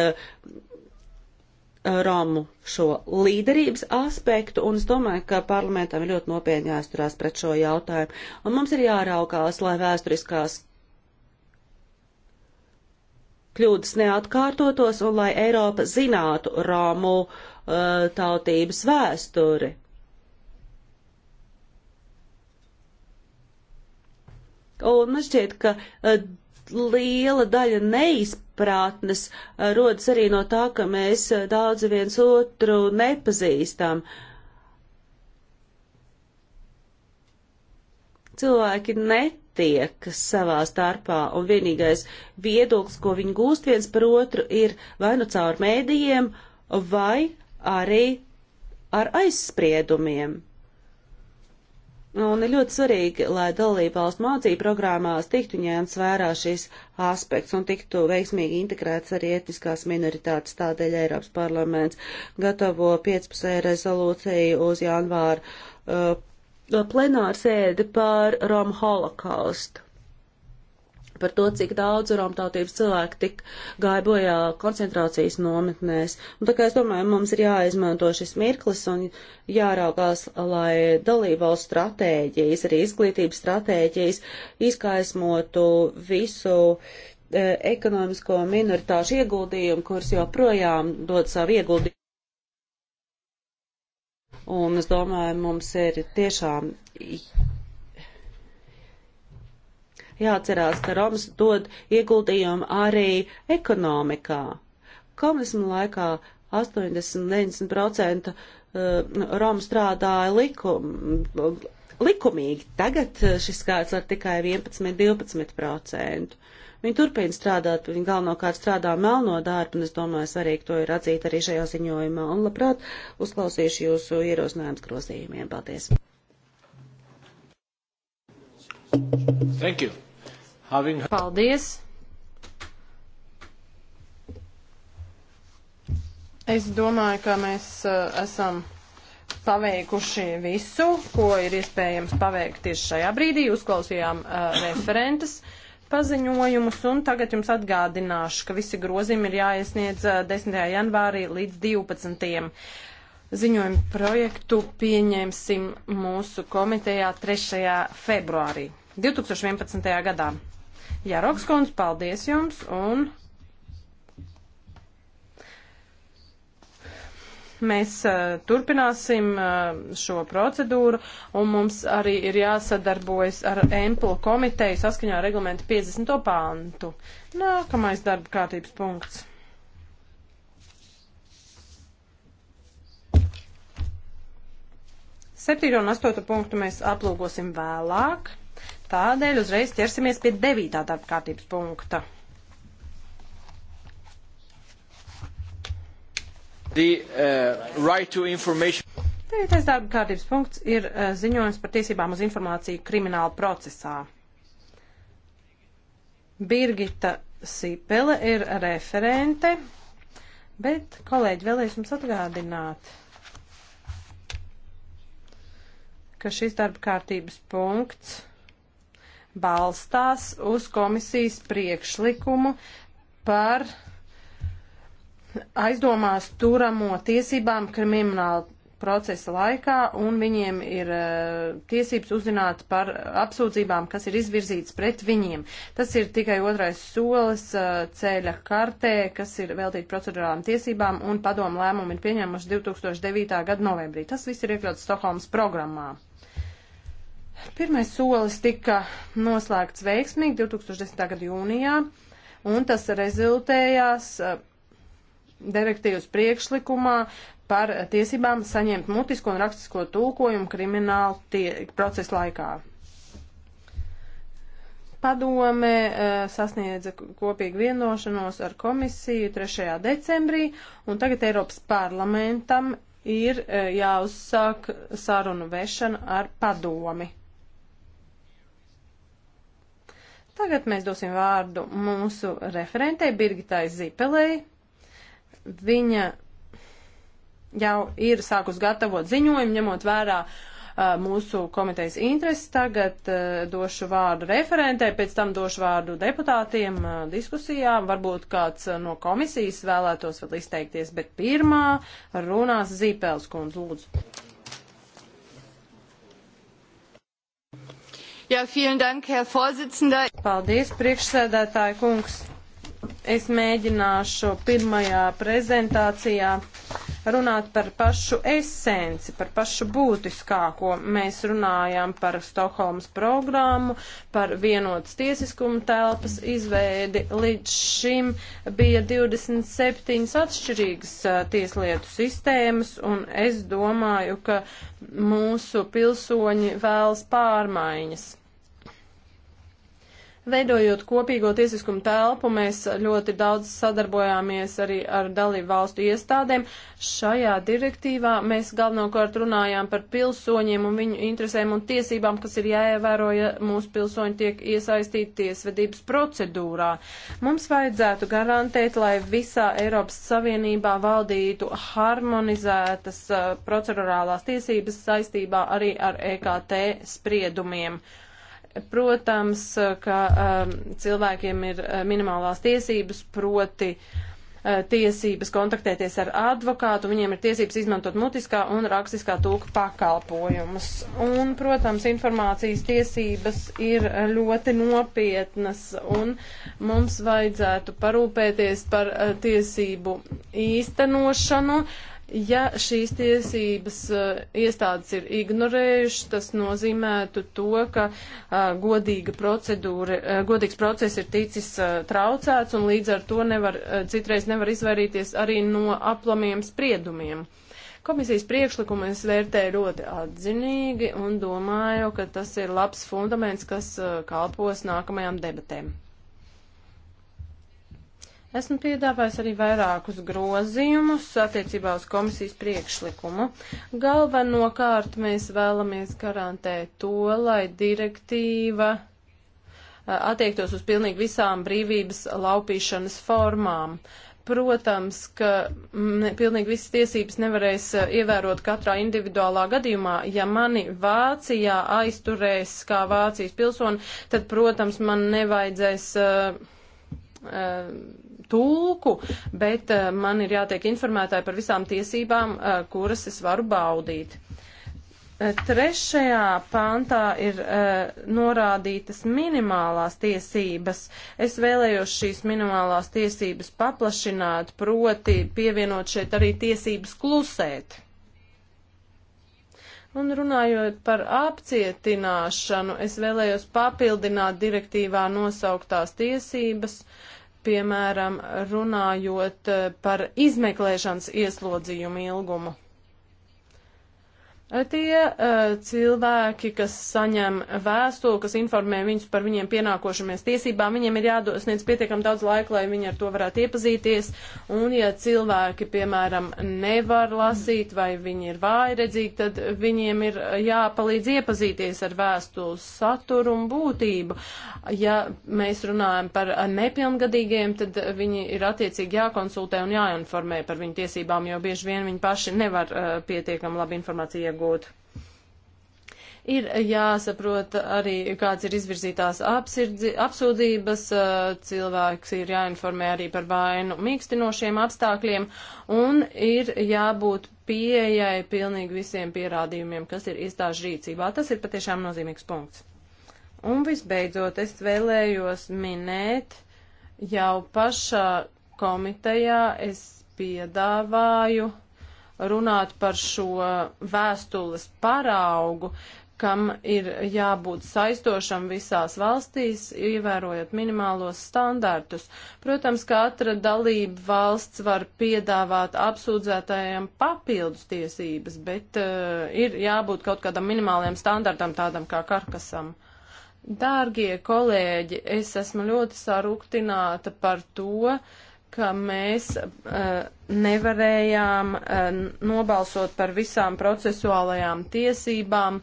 Speaker 2: Romu šo līderības aspektu, un es domāju, ka parlamentam ir ļoti nopietni jāizturās pret šo jautājumu. Un mums ir jāraukās, lai vēsturiskās kļūdas neatkārtotos un lai Eiropa zinātu Romu uh, tautības vēsturi. Un man šķiet, ka uh, liela daļa neizpētījuma nesaprātnes eh, rodas arī no tā, ka mēs eh, daudz viens otru nepazīstam. Cilvēki netiekas savā starpā, un vienīgais viedoklis, ko viņi gūst viens par otru, ir vai nu caur mēdījiem, vai arī ar aizspriedumiem. Un ir ļoti svarīgi, lai dalībvalstu mācību programmās tiktu ņemts vērā šis aspekts un tiktu veiksmīgi integrēts arī etniskās minoritātes. Tādēļ Eiropas parlaments gatavo 15 rezolūciju uz janvāru uh, plenārsēdi par Romu holokaustu par to, cik daudz romtautības cilvēku tik gāja bojā koncentrācijas nometnēs. Un tā kā es domāju, mums ir jāizmanto šis mirklis un jāraugās, lai dalībvalsts stratēģijas, arī izglītības stratēģijas izgaismotu visu e, ekonomisko minoritāšu ieguldījumu, kuras joprojām dod savu ieguldījumu. Un es domāju, mums ir tiešām jāatcerās, ka Roms dod ieguldījumu arī ekonomikā. Komunismu laikā 80-90% eh, Romu strādāja likum, likumīgi, tagad eh, šis skaits ir tikai 11-12%. Viņi turpina strādāt, viņi galvenokārt strādā melno darbu, un es domāju, svarīgi to ir atzīt arī šajā ziņojumā, un labprāt uzklausīšu jūsu ierosinājumus grozījumiem. Paldies! Thank you. Having... Paldies.
Speaker 3: Es domāju, ka mēs uh, esam paveikuši visu, ko ir iespējams paveikt tieši šajā brīdī. Uzklausījām uh, referentes paziņojumus un tagad jums atgādināšu, ka visi grozījumi ir jāiesniedz uh, eh, 10. janvārī līdz 12. Ziņojumu projektu pieņemsim mūsu komitejā 3. februārī. 2011. gadā. Jā, Rokskons, paldies jums un mēs uh, turpināsim uh, šo procedūru, un mums arī ir jāsadarbojas ar EMPLU komiteju saskaņā ar reglamentu 50. pāntu. Nākamais darba kārtības punkts. Septīto un astoto punktu mēs aplūkosim vēlāk. Tādēļ uzreiz ķersimies pie devītā darba kārtības punkta. The, uh, right to information. Devītais darba kārtības punkts ir uh, ziņojums par tiesībām uz informāciju krimināla procesā. Birgita Sipele ir referente, bet, kolēģi, vēlēs jums atgādināt, ka šis darba kārtības punkts balstās uz komisijas priekšlikumu par aizdomās turamo tiesībām krimināla procesa laikā, un viņiem ir uh, tiesības uzzināt par apsūdzībām, kas ir izvirzītas pret viņiem. Tas ir tikai otrais solis uh, ceļa kartē, kas ir veltīta procedurālām tiesībām, un padomu lēmumu ir pieņēmuši 2009. gada novembrī. Tas viss ir iekļauts Stokholmas programmā. Pirmais solis tika noslēgts veiksmīgi 2010. gada jūnijā, un tas rezultējās uh, direktīvas priekšlikumā par tiesībām saņemt mutisko un rakstisko tulkojumu kriminālu tie, procesu laikā. Padome uh, sasniedza kopīgu vienošanos ar komisiju 3. decembrī, un tagad Eiropas parlamentam ir uh, jāuzsāk sarunu vešana ar padomi. Tagad mēs dosim vārdu mūsu referentei Birgitai Zipelei. Viņa jau ir sākus gatavot ziņojumu, ņemot vērā uh, mūsu komitejas intereses. Tagad uh, došu vārdu referentei, pēc tam došu vārdu deputātiem uh, diskusijām. Varbūt kāds uh, no komisijas vēlētos vēl izteikties, bet pirmā runās Zīpels kundze, lūdzu. Ja, dank, Paldies, priekšsēdētāji kungs. Es mēģināšu pirmajā prezentācijā uh, runāt par pašu esenci, par pašu būtiskāko. Mēs runājām par Stokholmas programmu, par vienotas tiesiskuma telpas izveidi. Līdz šim bija 27 atšķirīgas tieslietu sistēmas, un es domāju, ka mūsu pilsoņi vēlas pārmaiņas. Veidojot kopīgo tiesiskumu telpu, mēs ļoti daudz sadarbojāmies arī ar dalību valstu iestādēm. Šajā direktīvā mēs galvenokārt runājām par pilsoņiem un viņu interesēm un tiesībām, kas ir jāievēro, ja mūsu pilsoņi tiek iesaistīti tiesvedības procedūrā. Mums vajadzētu garantēt, lai visā Eiropas Savienībā valdītu harmonizētas uh, procedurālās tiesības saistībā arī ar EKT spriedumiem. Uh, Protams, ka um, cilvēkiem ir uh, minimālās tiesības, proti uh, tiesības kontaktēties ar advokātu, viņiem ir tiesības izmantot mutiskā un rakstiskā tūka pakalpojumus. Un, protams, informācijas tiesības ir ļoti nopietnas, un mums vajadzētu parūpēties par uh, tiesību īstenošanu. Uh, Ja šīs tiesības uh, iestādes ir ignorējušas, tas nozīmētu to, ka uh, godīga procedūra, uh, godīgs process ir ticis uh, traucēts un līdz ar to nevar, uh, citreiz nevar izvairīties arī no aplamiem spriedumiem. Komisijas priekšlikumu es vērtēju ļoti atzinīgi un domāju, ka tas ir labs fundaments, kas uh, kalpos nākamajām debatēm. Esmu piedāvājis arī vairākus grozījumus attiecībā uz komisijas priekšlikumu. Galvenokārt mēs vēlamies garantēt to, lai direktīva eh, attiektos uz pilnīgi visām brīvības laupīšanas formām. Protams, ka mm, ne, pilnīgi visas tiesības nevarēs eh, ievērot katrā individuālā gadījumā. Ja mani Vācijā aizturēs kā Vācijas pilsoni, tad, protams, man nevajadzēs. Uh, uh, tulku, bet eh, man ir jātiek informētāji par visām tiesībām, eh, kuras es varu baudīt. Eh, trešajā pāntā ir uh, norādītas minimālās tiesības. Es vēlējos šīs minimālās tiesības paplašināt, proti pievienot šeit arī tiesības klusēt. Un runājot par apcietināšanu, es vēlējos papildināt direktīvā nosauktās tiesības, uh, piemēram, runājot eh, par izmeklēšanas ieslodzījumu ilgumu. Tie uh, cilvēki, kas saņem vēstuli, kas informē viņus par viņiem pienākošamies tiesībām, viņiem ir jādosniedz pietiekam daudz laika, lai viņi ar to varētu iepazīties. Un ja cilvēki, piemēram, nevar lasīt vai viņi ir vājredzīgi, tad viņiem ir eh, jāpalīdz iepazīties ar vēstules saturu un būtību. Ja mēs runājam par eh, nepilngadīgiem, tad viņi ir attiecīgi jākonsultē un jāinformē par viņu tiesībām, jo bieži vien viņi paši nevar uh, pietiekam labi informāciju iegūt iegūt. Ir jāsaprot arī, kāds ir izvirzītās apsirdzi, apsūdzības, eh, cilvēks ir jāinformē arī par vainu mīkstinošiem apstākļiem un ir jābūt pieejai pilnīgi visiem pierādījumiem, kas ir iestāžu rīcībā. Tas ir patiešām nozīmīgs punkts. Un visbeidzot, es vēlējos minēt, jau pašā komitejā es piedāvāju runāt par šo vēstules paraugu, kam ir jābūt saistošam visās valstīs, ievērojot minimālos standartus. Protams, katra dalība valsts var piedāvāt apsūdzētājiem papildus tiesības, bet uh, ir jābūt kaut kādam minimāliem standartam, tādam kā karkasam. Dārgie kolēģi, es esmu ļoti sarūktināta par to, uh, ka mēs uh, nevarējām uh, nobalsot par visām procesuālajām tiesībām.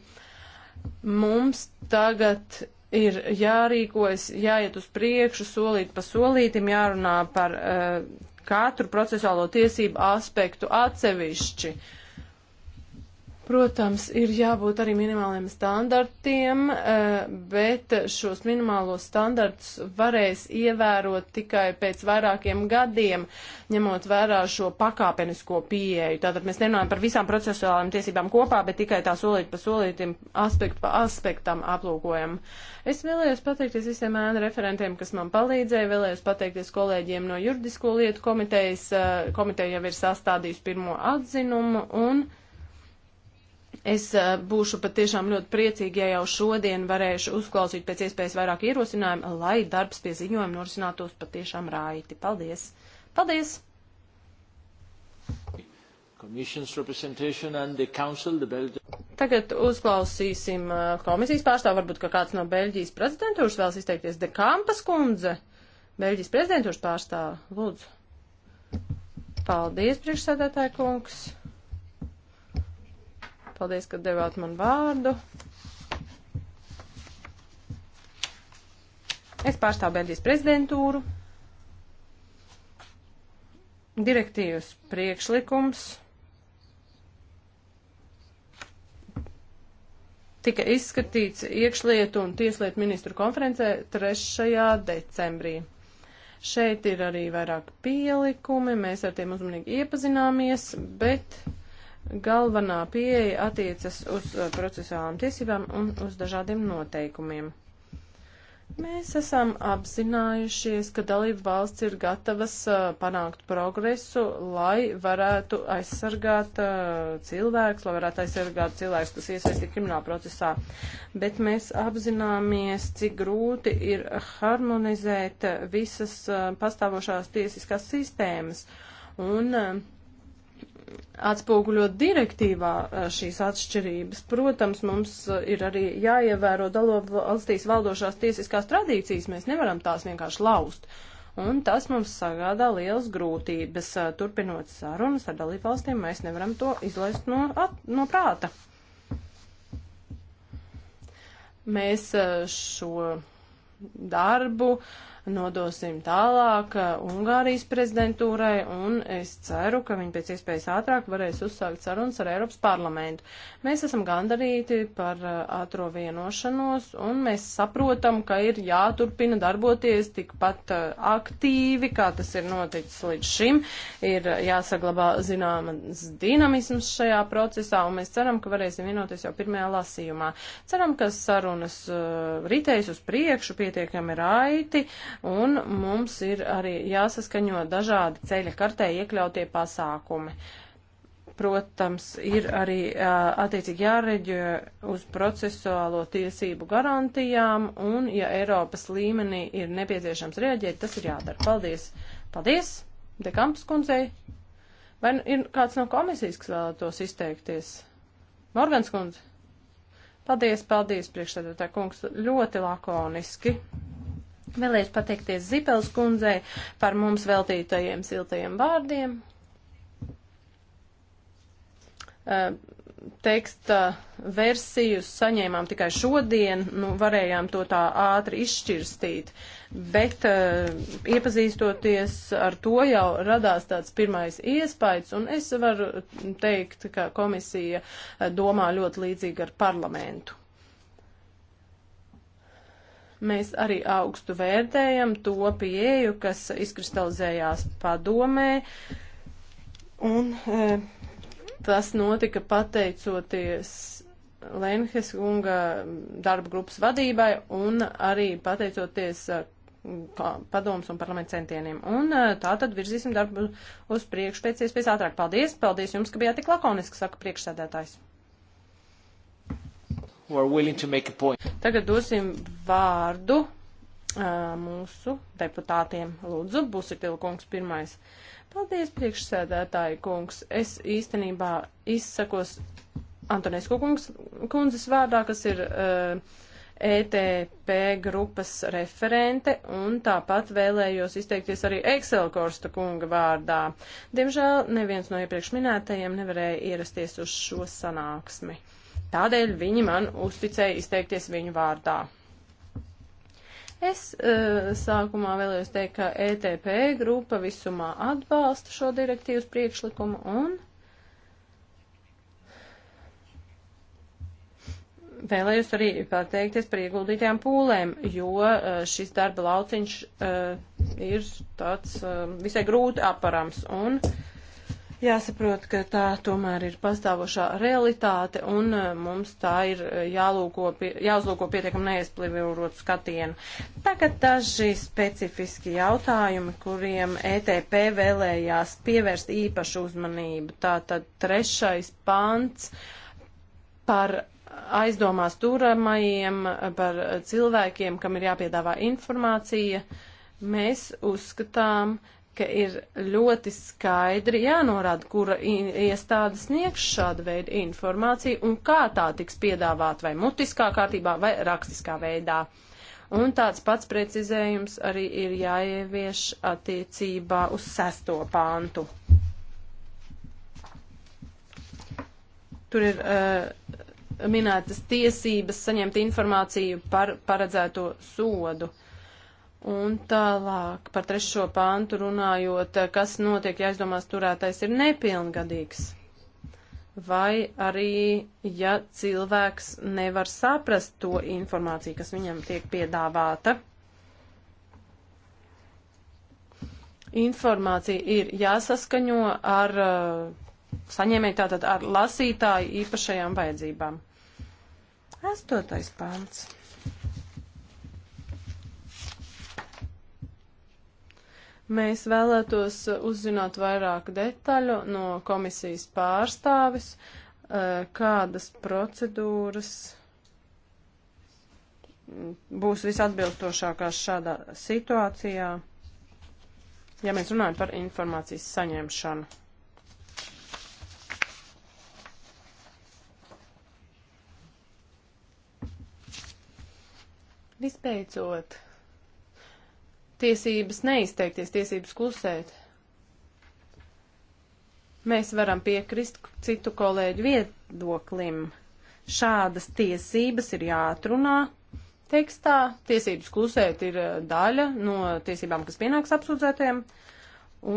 Speaker 3: Mums tagad ir jārīkojas, jāiet uz priekšu solīt pa solītim, jārunā par uh, katru procesuālo tiesību aspektu atsevišķi. Uh, Protams, ir jābūt arī minimāliem standartiem, eh, bet šos minimālos standartus varēs ievērot tikai pēc vairākiem gadiem, ņemot vērā šo pakāpenisko pieeju. Tātad mēs nerunājam par visām procesuālām tiesībām kopā, bet tikai tā solīt pa solītim, aspektu pa aspektam aplūkojam. Es vēlējos pateikties visiem ēnu referentiem, kas man palīdzēja, vēlējos pateikties kolēģiem no juridisko lietu komitejas, eh, komiteja jau ir sastādījusi pirmo atzinumu un. Es eh, būšu patiešām ļoti priecīgi, ja jau šodien varēšu uzklausīt pēc iespējas vairāk ierosinājumu, lai darbs pie ziņojuma norisinātos patiešām raiti. Paldies! Paldies! Tagad uzklausīsim eh, komisijas pārstāvu, varbūt, ka kāds no Beļģijas prezidentūras vēlas izteikties. De Kampas kundze, Beļģijas prezidentūras pārstāvu, lūdzu. Paldies, priekšsēdētāja kungs. Paldies, ka devāt man vārdu. Es pārstāvu Beļģijas prezidentūru. Direktīvas priekšlikums tika izskatīts iekšlietu un tieslietu ministru konferencē 3. decembrī. Šeit ir arī vairāk pielikumi, mēs ar tiem uzmanīgi iepazināmies, bet galvenā pieeja attiecas uz uh, procesuālām tiesībām un uz dažādiem noteikumiem. Mēs esam apzinājušies, ka dalība valsts ir gatavas uh, panākt progresu, lai varētu aizsargāt uh, cilvēks, lai varētu aizsargāt cilvēks, kas iesaistīt krimināla procesā. Bet mēs apzināmies, cik grūti ir harmonizēt visas pastāvošās tiesiskās sistēmas. Un, uh, atspoguļot direktīvā šīs atšķirības. Protams, mums ir arī jāievēro dalību valstīs valdošās tiesiskās tradīcijas, mēs nevaram tās vienkārši laust. Un tas mums sagādā lielas grūtības. Turpinot sarunas ar dalību valstīm, mēs nevaram to izlaist no, at, no prāta. Mēs šo darbu uh, nodosim tālāk eh, Ungārijas prezidentūrai, un es ceru, ka viņi pēc iespējas ātrāk varēs uzsākt sarunas ar Eiropas parlamentu. Mēs esam gandarīti par eh, ātro vienošanos, un mēs saprotam, ka ir jāturpina darboties tikpat eh, aktīvi, kā tas ir noticis līdz šim. Ir jāsaglabā zināmas dinamisms šajā procesā, un mēs ceram, ka varēsim vienoties jau pirmajā lasījumā. Ceram, ka sarunas ritēs uz priekšu pietiekami raiti un mums ir arī jāsaskaņo dažādi ceļa kartē iekļautie pasākumi. Protams, ir arī attiecīgi jāreģē uz procesuālo tiesību garantijām, un ja Eiropas līmenī ir nepieciešams rēģēt, tas ir jādara. Paldies! Paldies! Dekampas kundzei! Vai nu ir kāds no komisijas, kas vēlētos izteikties? Morgans kundze! Paldies, paldies, priekšstādātā kungs, ļoti lakoniski. Vēlējos pateikties Zipels kundzei par mums veltītajiem siltajiem vārdiem. Teksta versiju saņēmām tikai šodien, nu, varējām to tā ātri izšķirstīt, bet iepazīstoties ar to jau radās tāds pirmais iespējas, un es varu teikt, ka komisija domā ļoti līdzīgi ar parlamentu. Mēs arī augstu vērtējam to pieeju, kas izkristalizējās padomē. Un e, tas notika pateicoties Lenhes kunga darba grupas vadībai un arī pateicoties e, padomus un parlamentu centieniem. Un e, tā tad virzīsim darbu uz priekšu pēc iespējas ātrāk. Paldies, paldies jums, ka bijāt tik lakoniski, saka priekšsēdētājs. Tagad dosim vārdu uh, mūsu deputātiem. Lūdzu, Busitila kungs pirmais. Paldies, priekšsēdētāji kungs. Es īstenībā izsakos Antonesku kungs, kundzes vārdā, kas ir uh, ETP grupas referente, un tāpat vēlējos izteikties arī Excel Korsta kunga vārdā. Diemžēl neviens no iepriekš minētajiem nevarēja ierasties uz šo sanāksmi. Uh, Tādēļ viņi man uzticēja izteikties viņu vārdā. Es uh, sākumā vēlējos teikt, ka ETP grupa visumā atbalsta šo direktīvas priekšlikumu un vēlējos arī pateikties par ieguldītajām pūlēm, jo eh, šis darba lauciņš uh, ir tāds uh, visai grūti aparams. Un Jāsaprot, ka tā tomēr ir pastāvošā realitāte un eh, mums tā ir eh, jālūko, jāuzlūko pietiekam neizplivirot skatienu. Tagad daži specifiski jautājumi, kuriem ETP vēlējās pievērst īpašu uzmanību. Tātad trešais pants par aizdomās turamajiem, par cilvēkiem, kam ir jāpiedāvā informācija. Mēs uzskatām, ka ir ļoti skaidri jānorāda, kura iestāde sniegs šādu veidu informāciju un kā tā tiks piedāvāt vai mutiskā kārtībā vai rakstiskā veidā. Un tāds pats precizējums arī ir jāievieš attiecībā uz sesto pāntu. Tur ir uh, minētas tiesības saņemt informāciju par paredzēto sodu. Un tālāk par trešo pāntu runājot, kas notiek, ja aizdomās turētais ir nepilngadīgs. Vai arī, ja cilvēks nevar saprast to informāciju, kas viņam tiek piedāvāta. Informācija ir jāsaskaņo ar uh, saņēmēju tātad ar lasītāju īpašajām vajadzībām. Astotais pāns. Mēs vēlētos uzzināt vairāk detaļu no komisijas pārstāvis, eh, kādas procedūras būs visatbilstošākās šādā situācijā, ja mēs runājam par informācijas saņemšanu. Vispēcot tiesības neizteikties, tiesības klusēt. Mēs varam piekrist citu kolēģu viedoklim. Šādas tiesības ir jāatrunā tekstā. Tiesības klusēt ir eh, daļa no tiesībām, kas pienāks apsūdzētajiem.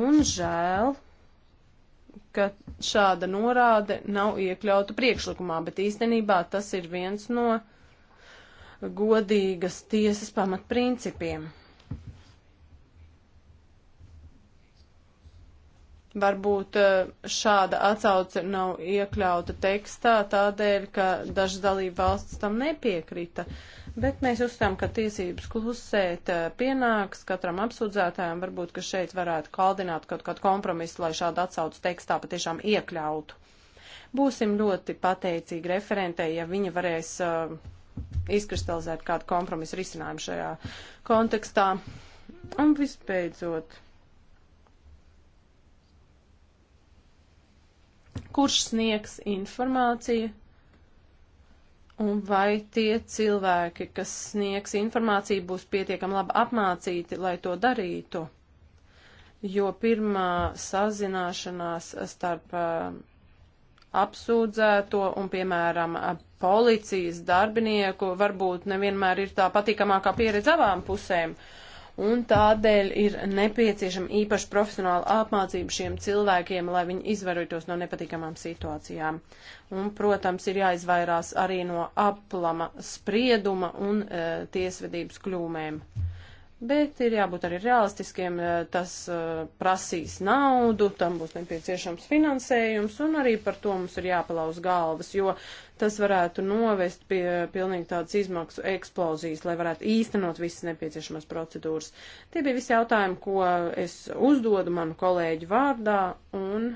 Speaker 3: Un žēl, ka šāda norāde nav iekļauta priekšlikumā, bet īstenībā tas ir viens no godīgas tiesas pamatprincipiem. Varbūt e, šāda atsauce nav iekļauta tekstā tādēļ, ka dažas dalība valsts tam nepiekrita, bet mēs uzskatām, ka tiesības klusēt e, pienāks katram apsūdzētājam, varbūt, ka šeit varētu kaldināt kaut kādu kompromisu, lai šādu atsaucu tekstā patiešām iekļautu. Būsim ļoti pateicīgi referentei, ja viņa varēs uh, izkristalizēt kādu kompromisu risinājumu šajā kontekstā. Un visbeidzot kurš sniegs informāciju un vai tie cilvēki, kas sniegs informāciju, būs pietiekami labi apmācīti, lai to darītu. Jo pirmā sazināšanās starp uh, apsūdzēto un, piemēram, policijas darbinieku varbūt nevienmēr ir tā patīkamākā pieredze abām pusēm. Uh, un tādēļ ir nepieciešama īpaša profesionāla apmācība šiem cilvēkiem, lai viņi izvairītos no nepatīkamām situācijām. Un, protams, ir jāizvairās arī no aplama sprieduma un e, tiesvedības kļūmēm. Bet ir jābūt arī realistiskiem, e, tas e, prasīs naudu, tam būs nepieciešams finansējums, un arī par to mums ir jāpalauz galvas, jo Tas varētu novest pie pilnīgi tādas izmaksu eksplozijas, lai varētu īstenot visas nepieciešamās procedūras. Tie bija visi jautājumi, ko es uzdodu manu kolēģu vārdā, un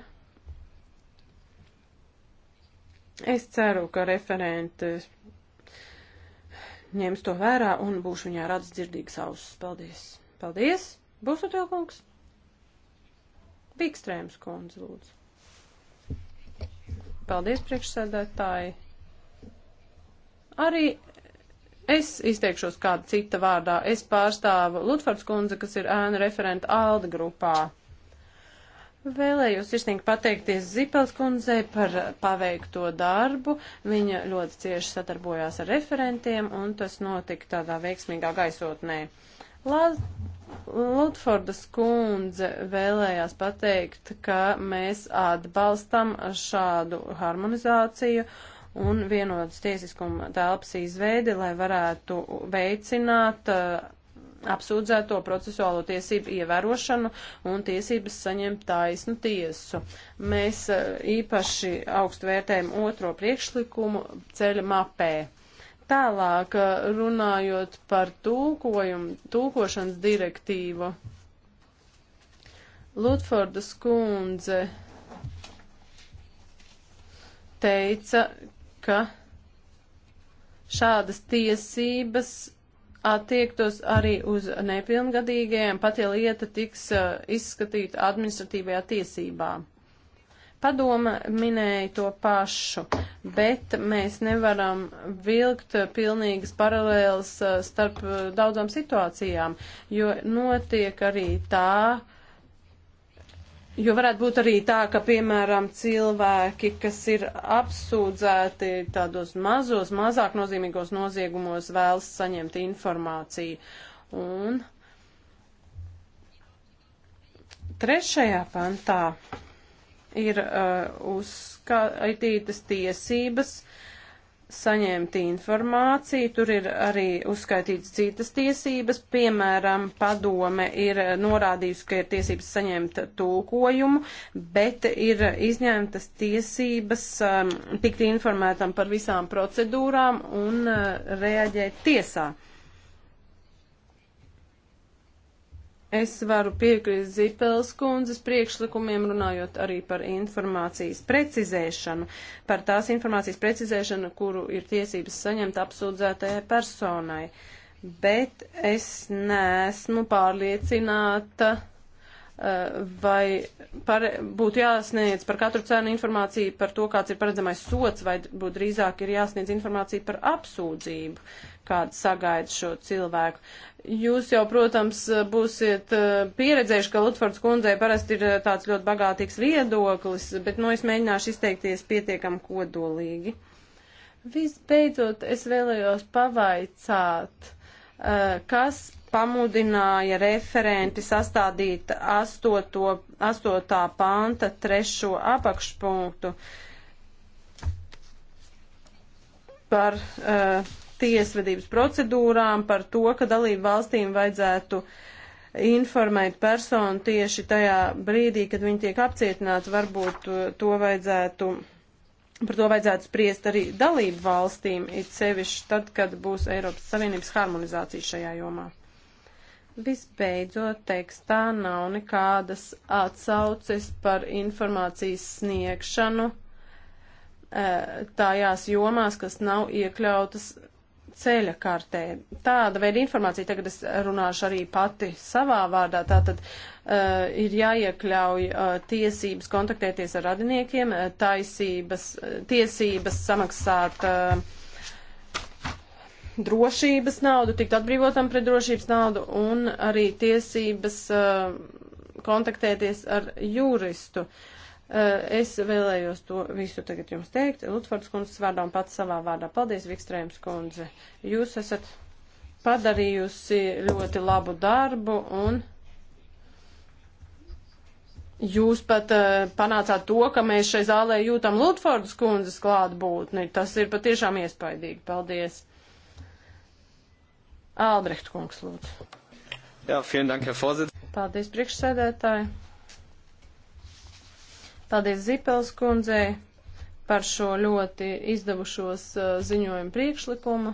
Speaker 3: es ceru, ka referente ņems to vērā un būšu viņā rāds dzirdīgs ausis. Paldies! Paldies! Būsot jau kungs! Bikstrēms kundze, lūdzu. Paldies, priekšsēdētāji. Arī es izteikšos kāda cita vārdā. Es pārstāvu Lutfords kundze, kas ir ēna referenta ALDE grupā. Vēlējos sirsnīgi pateikties Zipels kundzei par paveikto darbu. Viņa ļoti cieši sadarbojās ar referentiem, un tas notika tādā veiksmīgā gaisotnē. Lutfordas kundze vēlējās pateikt, ka mēs atbalstam šādu harmonizāciju un vienotas tiesiskuma telpas izveidi, lai varētu veicināt uh, apsūdzēto procesuālo tiesību ievērošanu un tiesības saņemt taisnu tiesu. Mēs uh, īpaši augstu vērtējam otro priekšlikumu ceļa mapē. Tālāk uh, runājot par tūkojumu, tūkošanas direktīvu. Lutforda skundze teica, ka šādas tiesības attiektos arī uz nepilngadīgajiem, pat ja lieta tiks uh, izskatīta administratīvajā tiesībā. Padoma minēja to pašu, bet mēs nevaram vilkt pilnīgas paralēlas uh, starp uh, daudzām situācijām, jo notiek arī tā, uh, Jo varētu būt arī tā, ka, piemēram, cilvēki, kas ir apsūdzēti tādos mazos, mazāk nozīmīgos noziegumos, vēlas saņemt informāciju. Un trešajā pantā ir uh, uzskaitītas tiesības uh, saņemt informāciju, tur ir arī uzskaitīts citas tiesības, piemēram, padome ir norādījusi, ka ir tiesības saņemt tulkojumu, bet ir izņemtas tiesības um, tikt informētam par visām procedūrām un uh, reaģēt tiesā. Uh, Es varu piekrist Zipels kundzes priekšlikumiem, runājot arī par informācijas precizēšanu, par tās informācijas precizēšanu, kuru ir tiesības saņemt apsūdzētajai personai. Bet es neesmu pārliecināta, eh, vai par, būtu jāsniedz par katru cenu informāciju par to, kāds ir paredzamais sots, vai būtu drīzāk ir jāsniedz informācija par apsūdzību, kāda sagaida šo cilvēku. Jūs jau, protams, būsiet eh, pieredzējuši, ka Lutfords kundzei parasti ir eh, tāds ļoti bagātīgs viedoklis, bet no nu, es mēģināšu izteikties pietiekam kodolīgi. Visbeidzot, es vēlējos pavaicāt, eh, kas pamudināja referenti sastādīt 8. 8. panta 3. apakšpunktu par uh, tiesvedības procedūrām, par to, ka dalību valstīm vajadzētu informēt personu tieši tajā brīdī, kad viņi tiek apcietināti, varbūt uh, to vajadzētu. Par to vajadzētu spriest arī dalību valstīm, it sevišķi tad, kad būs Eiropas Savienības harmonizācija šajā jomā. Visbeidzot, tekstā nav nekādas atsauces par informācijas sniegšanu eh, tajās jomās, kas nav iekļautas ceļa kartē. Tāda veida informācija, tagad es runāšu arī pati savā vārdā, tātad uh, ir jāiekļauj uh, tiesības kontaktēties ar radiniekiem, uh, taisības, uh, tiesības samaksāt uh, drošības naudu, tikt atbrīvotam pret drošības naudu un arī tiesības uh, kontaktēties ar juristu. Uh, Eh, es vēlējos to visu tagad jums teikt. Lutfords kundzes vārdā un pats savā vārdā. Paldies, Vikstrēms kundze. Jūs esat padarījusi ļoti labu darbu un jūs pat uh, panācāt to, ka mēs šai zālē jūtam Lutfordas kundzes klātbūtni. Tas ir patiešām iespaidīgi. Paldies. Albrecht kungs, lūdzu. Jā, vielen dank, Herr Vorsitz. Paldies, priekšsēdētāji. Paldies Zipels kundzei par šo ļoti izdevušos uh, ziņojumu priekšlikumu.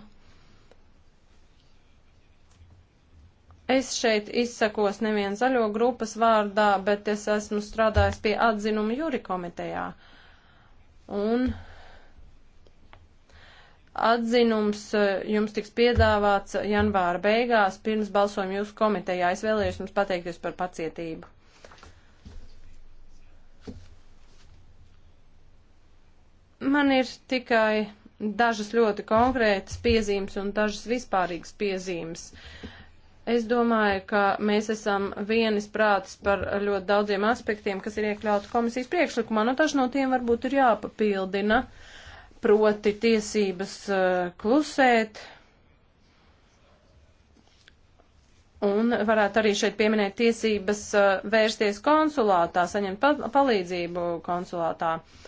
Speaker 3: Es šeit izsakos nevien zaļo grupas vārdā, bet es esmu strādājis pie atzinuma jūri komitejā. Un atzinums uh, jums tiks piedāvāts janvāra beigās pirms balsojuma jūsu komitejā. Es vēlējos jums pateikties par pacietību. Man ir tikai dažas ļoti konkrētas piezīmes un dažas vispārīgas piezīmes. Es domāju, ka mēs esam vienis prātis par ļoti daudziem aspektiem, kas ir iekļauti komisijas priekšlikumā. Nu, taču no tiem varbūt ir jāpapildina, proti tiesības uh, klusēt. Un varētu arī šeit pieminēt tiesības uh, vērsties konsulātā, saņemt pa palīdzību konsulātā. Uh,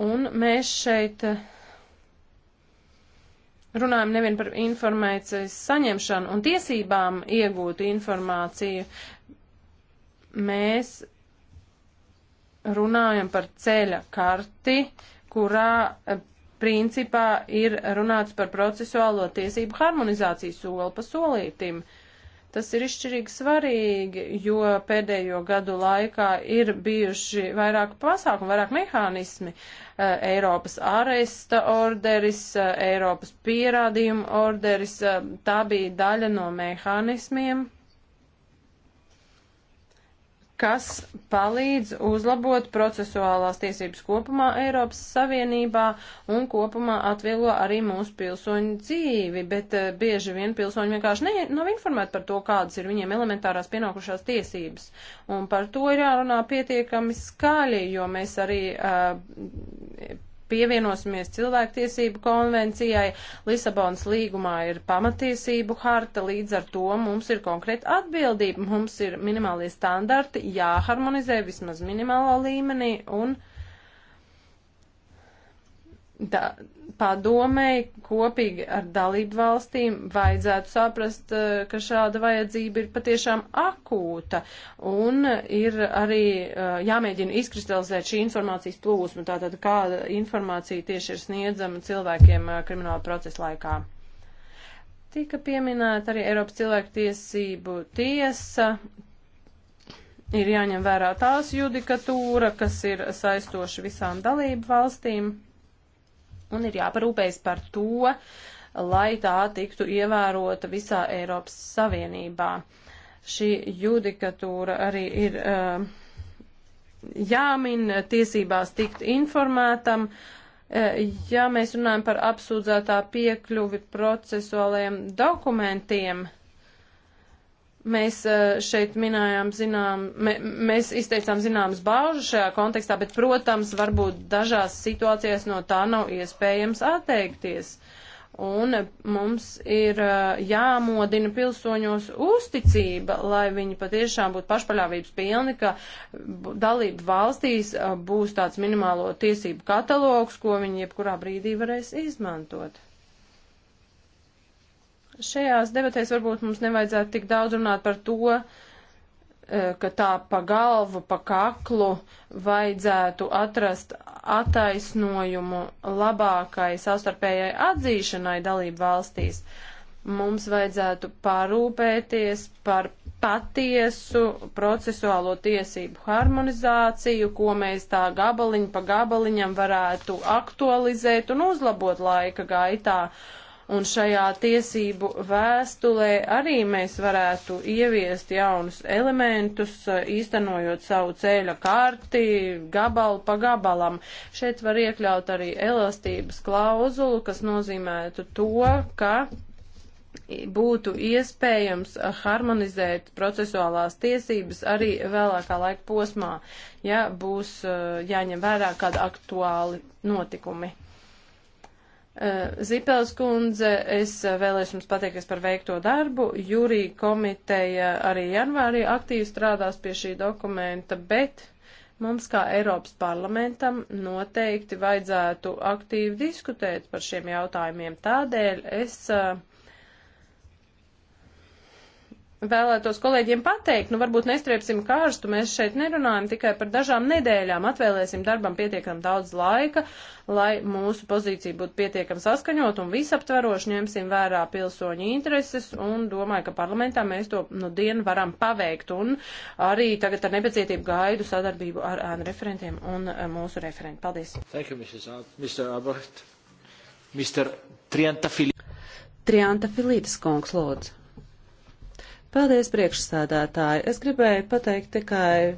Speaker 3: Un mēs šeit eh, runājam nevien par informācijas saņemšanu un tiesībām iegūt informāciju. Mēs runājam par ceļa karti, kurā eh, principā ir runāts par procesuālo tiesību harmonizāciju soli pa solītim. Uh, Tas ir izšķirīgi svarīgi, jo pēdējo gadu laikā ir bijuši vairāk pasākumu, vairāk mehānismi. Eh, Eiropas aresta orderis, eh, Eiropas pierādījuma orderis, eh, tā bija daļa no mehānismiem, kas palīdz uzlabot procesuālās tiesības kopumā Eiropas Savienībā un kopumā atvieglo arī mūsu pilsoņu dzīvi, bet uh, bieži vien pilsoņi vienkārši ne, nav informēti par to, kādas ir viņiem elementārās pienākušās tiesības. Un par to ir jārunā pietiekami skaļi, jo mēs arī uh, pievienosimies cilvēktiesību konvencijai, Lisabonas līgumā ir pamatiesību harta, līdz ar to mums ir konkrēta atbildība, mums ir minimālie standarti jāharmonizē vismaz minimālā līmenī un da, padomēji kopīgi ar dalību valstīm vajadzētu saprast, eh, ka šāda vajadzība ir patiešām akūta un ir arī eh, jāmēģina izkristalizēt šī informācijas plūsmu, tātad kāda informācija tieši ir sniedzama cilvēkiem eh, krimināla procesa laikā. Tika pieminēta arī Eiropas cilvēku tiesību tiesa, ir jāņem vērā tās judikatūra, kas ir saistoša visām dalību valstīm un ir jāparūpējas par to, lai tā tiktu ievērota visā Eiropas Savienībā. Šī judikatūra arī ir uh, jāmin tiesībās tikt informētam. Uh, ja mēs runājam par apsūdzētā piekļuvi procesuālajiem dokumentiem, uh, Mēs eh, šeit minējām, zinām, mēs izteicām zināmas bāžas šajā kontekstā, bet, protams, varbūt dažās situācijās no tā nav iespējams atteikties. Un mums ir eh, jāmodina pilsoņos uzticība, lai viņi patiešām būtu pašpaļāvības pilni, ka dalību valstīs eh, būs tāds minimālo tiesību katalogs, ko viņi jebkurā brīdī varēs izmantot. Šajās debatēs varbūt mums nevajadzētu tik daudz runāt par to, eh, ka tā pa galvu, pa kaklu vajadzētu atrast attaisnojumu labākai savstarpējai atzīšanai dalību valstīs. Mums vajadzētu parūpēties par patiesu procesuālo tiesību harmonizāciju, ko mēs tā gabaliņu pa gabaliņam varētu aktualizēt un uzlabot laika gaitā. Uh, Un šajā tiesību vēstulē arī mēs varētu ieviest jaunus elementus, īstenojot savu ceļa karti gabalu pa gabalam. Šeit var iekļaut arī elastības klauzulu, kas nozīmētu to, ka būtu iespējams harmonizēt procesuālās tiesības arī vēlākā laika posmā, ja būs eh, jāņem vērā kādi aktuāli notikumi. Eh, Zipels kundze, es eh, vēlēšu jums pateikties par veikto darbu. Jūrī komiteja arī janvārī aktīvi strādās pie šī dokumenta, bet mums kā Eiropas parlamentam noteikti vajadzētu aktīvi diskutēt par šiem jautājumiem. Tādēļ es uh, vēlētos kolēģiem pateikt, nu varbūt nestriepsim karstu, mēs šeit nerunājam tikai par dažām nedēļām, atvēlēsim darbam pietiekam daudz laika, lai mūsu pozīcija būtu pietiekam saskaņot un visaptveroši ņemsim vērā pilsoņu intereses un domāju, ka parlamentā mēs to nu dienu varam paveikt un arī tagad ar nepacietību gaidu sadarbību ar ēnu referentiem un
Speaker 2: e, mūsu referentu. Paldies.
Speaker 1: Thank you, Mrs. Ab Mr. Abert. Mr. Trianta Filītas.
Speaker 2: Trianta Filītas kungs, lūdzu. Paldies, priekšsādātāji. Es gribēju pateikt tikai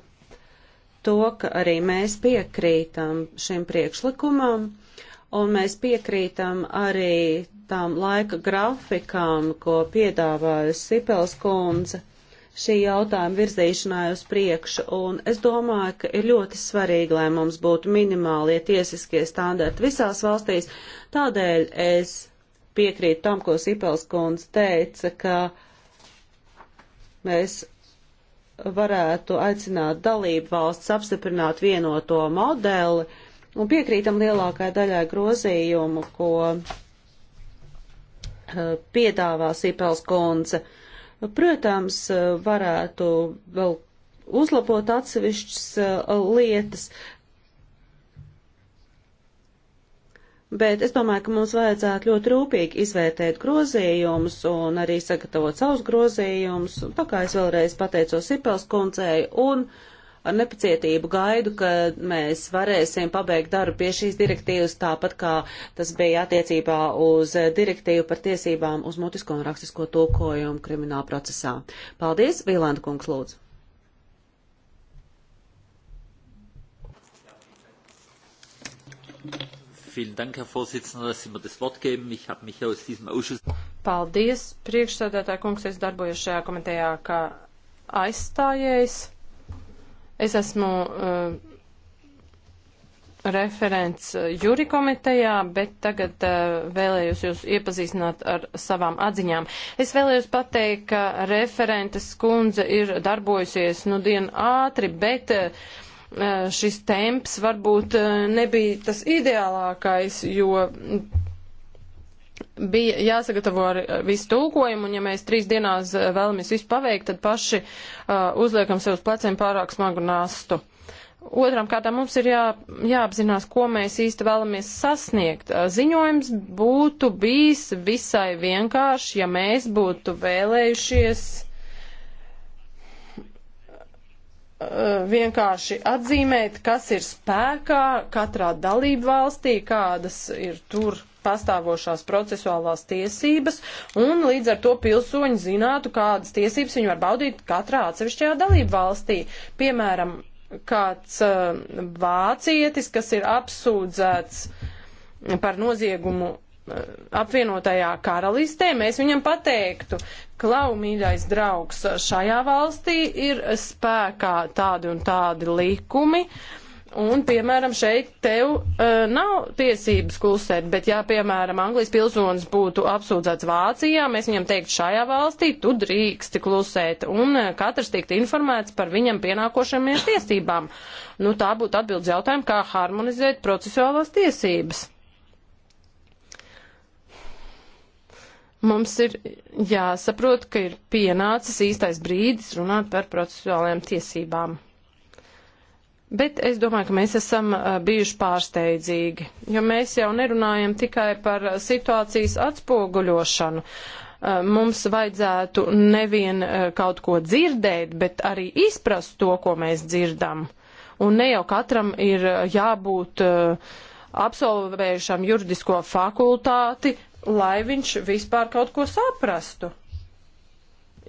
Speaker 2: to, ka arī mēs piekrītam šim priekšlikumam, un mēs piekrītam arī tām laika grafikām, ko piedāvāja Sipels kundze šī jautājuma virzīšanai uz priekšu, un es domāju, ka ir ļoti svarīgi, lai mums būtu minimālie tiesiskie standarti visās valstīs. Tādēļ es piekrītu tam, ko Sipels kundze teica, ka mēs varētu aicināt dalību valsts apstiprināt vienoto modeli un piekrītam lielākai daļai grozījumu, ko eh, piedāvā Sīpels kundze. Protams, eh, varētu vēl uzlabot atsevišķas eh, lietas, Bet es domāju, ka mums vajadzētu ļoti rūpīgi izvērtēt grozījumus un arī sagatavot savus grozījumus. Tā kā es vēlreiz pateicos Sipels kundzei un ar nepacietību gaidu, ka mēs varēsim pabeigt darbu pie šīs direktīvas tāpat kā tas bija attiecībā uz direktīvu par tiesībām uz mutisko un rakstisko tulkojumu krimināla procesā. Paldies, Vīlanda kungs lūdzu.
Speaker 1: Thank you. Vielen Dank, Herr Vorsitzender, dass Sie mir das Wort geben. Ich habe mich aus diesem Ausschuss.
Speaker 3: Paldies, priekšsēdētāja kungs, es darbojos šajā komitejā kā aizstājējs. Es esmu uh, referents eh, jūri komitejā, bet tagad uh, vēlējos jūs iepazīstināt ar savām atziņām. Es vēlējos pateikt, ka referentes kundze ir darbojusies nu dienu ātri, bet uh, Eh, šis temps varbūt eh, nebija tas ideālākais, jo bija jāsagatavo ar visu tulkojumu, un ja mēs trīs dienās eh, vēlamies visu paveikt, tad paši uh, uzliekam sev uz pleciem pārāk smagu nastu. Otram kārtām mums ir jā, jāapzinās, ko mēs īsti vēlamies sasniegt. Ziņojums būtu bijis visai vienkārši, ja mēs būtu vēlējušies uh, Eh, vienkārši atzīmēt, kas ir spēkā katrā dalību valstī, kādas ir tur pastāvošās procesuālās tiesības, un līdz ar to pilsoņi zinātu, kādas tiesības viņi var baudīt katrā atsevišķajā dalību valstī. Piemēram, kāds uh, vācietis, kas ir apsūdzēts par noziegumu apvienotajā karalistē, mēs viņam pateiktu, klau, mīļais draugs, šajā valstī ir spēkā tādi un tādi likumi, un, piemēram, šeit tev uh, nav tiesības klusēt, bet, ja, piemēram, Anglijas pilsonis būtu apsūdzēts Vācijā, mēs viņam teiktu, šajā valstī tu drīksti klusēt, un uh, katrs tikt informēts par viņam pienākošajām tiesībām. Nu, tā būtu atbildes jautājums, kā harmonizēt procesuālās tiesības. Mums ir jāsaprot, ka ir pienācis īstais brīdis runāt par procesuālajām tiesībām. Bet es domāju, ka mēs esam bijuši pārsteidzīgi, jo mēs jau nerunājam tikai par situācijas atspoguļošanu. Mums vajadzētu nevien kaut ko dzirdēt, bet arī izprast to, ko mēs dzirdam. Un ne jau katram ir jābūt absolvējušam juridisko fakultāti, lai viņš vispār kaut ko saprastu.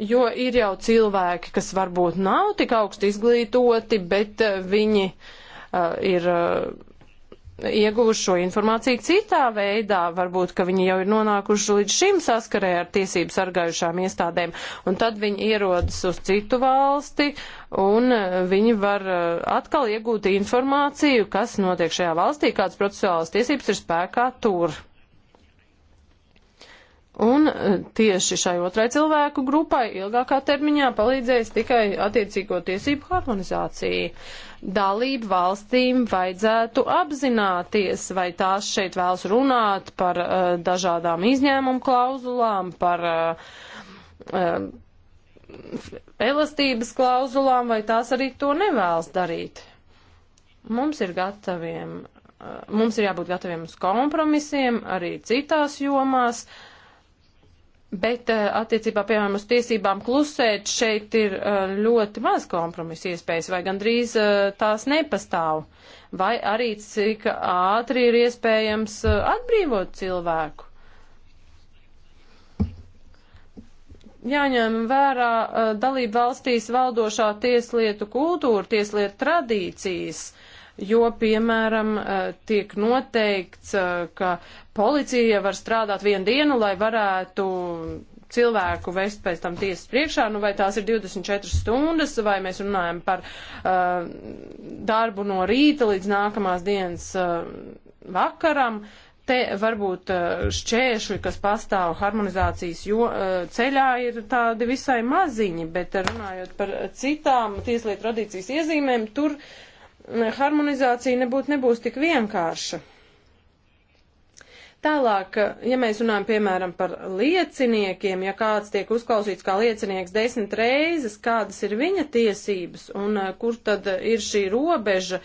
Speaker 3: Jo ir jau cilvēki, kas varbūt nav tik augsti izglītoti, bet eh, viņi uh, ir uh, ieguvuši šo informāciju citā veidā. Varbūt, ka viņi jau ir nonākuši līdz šim saskarē ar tiesību sargājušām iestādēm. Un tad viņi ierodas uz citu valsti un uh, viņi var uh, atkal iegūt informāciju, kas notiek šajā valstī, kādas procesuālās tiesības ir spēkā tur. Un e, tieši šai otrai cilvēku grupai ilgākā termiņā palīdzēs tikai attiecīgo tiesību harmonizācija. Dalību valstīm vajadzētu apzināties, vai tās šeit vēlas runāt par uh, dažādām izņēmumu klauzulām, par uh, uh, elastības klauzulām, vai tās arī to nevēlas darīt. Mums ir gataviem, uh, mums ir jābūt gataviem uz kompromisiem arī citās jomās. Uh, Bet eh, attiecībā, piemēram, uz tiesībām klusēt šeit ir eh, ļoti maz kompromisa iespējas, vai gandrīz eh, tās nepastāv, vai arī cik ātri ir iespējams atbrīvot cilvēku. Jāņem vērā dalību valstīs valdošā tieslietu kultūra, tieslietu tradīcijas. Uh, jo, piemēram, eh, tiek noteikts, eh, ka policija var strādāt vienu dienu, lai varētu cilvēku vest pēc tam tiesas priekšā, nu vai tās ir 24 stundas, vai mēs runājam par uh, darbu no rīta līdz nākamās dienas uh, vakaram, te varbūt šķēršļi, kas pastāv harmonizācijas jo, ceļā, ir tādi visai maziņi, bet runājot par citām tieslietu tradīcijas iezīmēm, tur harmonizācija nebūtu nebūs tik vienkārša. Tālāk, ja mēs runājam, piemēram, par lieciniekiem, ja kāds tiek uzklausīts kā liecinieks desmit reizes, kādas ir viņa tiesības un eh, kur tad ir šī robeža,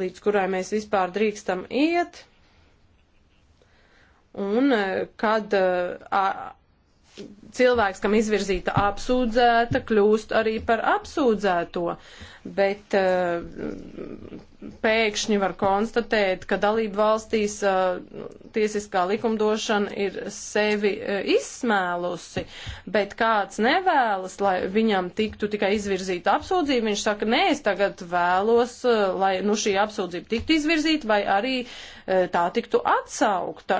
Speaker 3: līdz kurai mēs vispār drīkstam iet, un eh, kad eh, cilvēks, kam izvirzīta apsūdzēta, kļūst arī par apsūdzēto, bet uh, pēkšņi var konstatēt, ka dalību valstīs uh, tiesiskā likumdošana ir sevi uh, izsmēlusi, bet kāds nevēlas, lai viņam tiktu tikai izvirzīta apsūdzība, viņš saka, nē, es tagad vēlos, lai nu, šī apsūdzība tiktu izvirzīta vai arī tā tiktu atsaukta.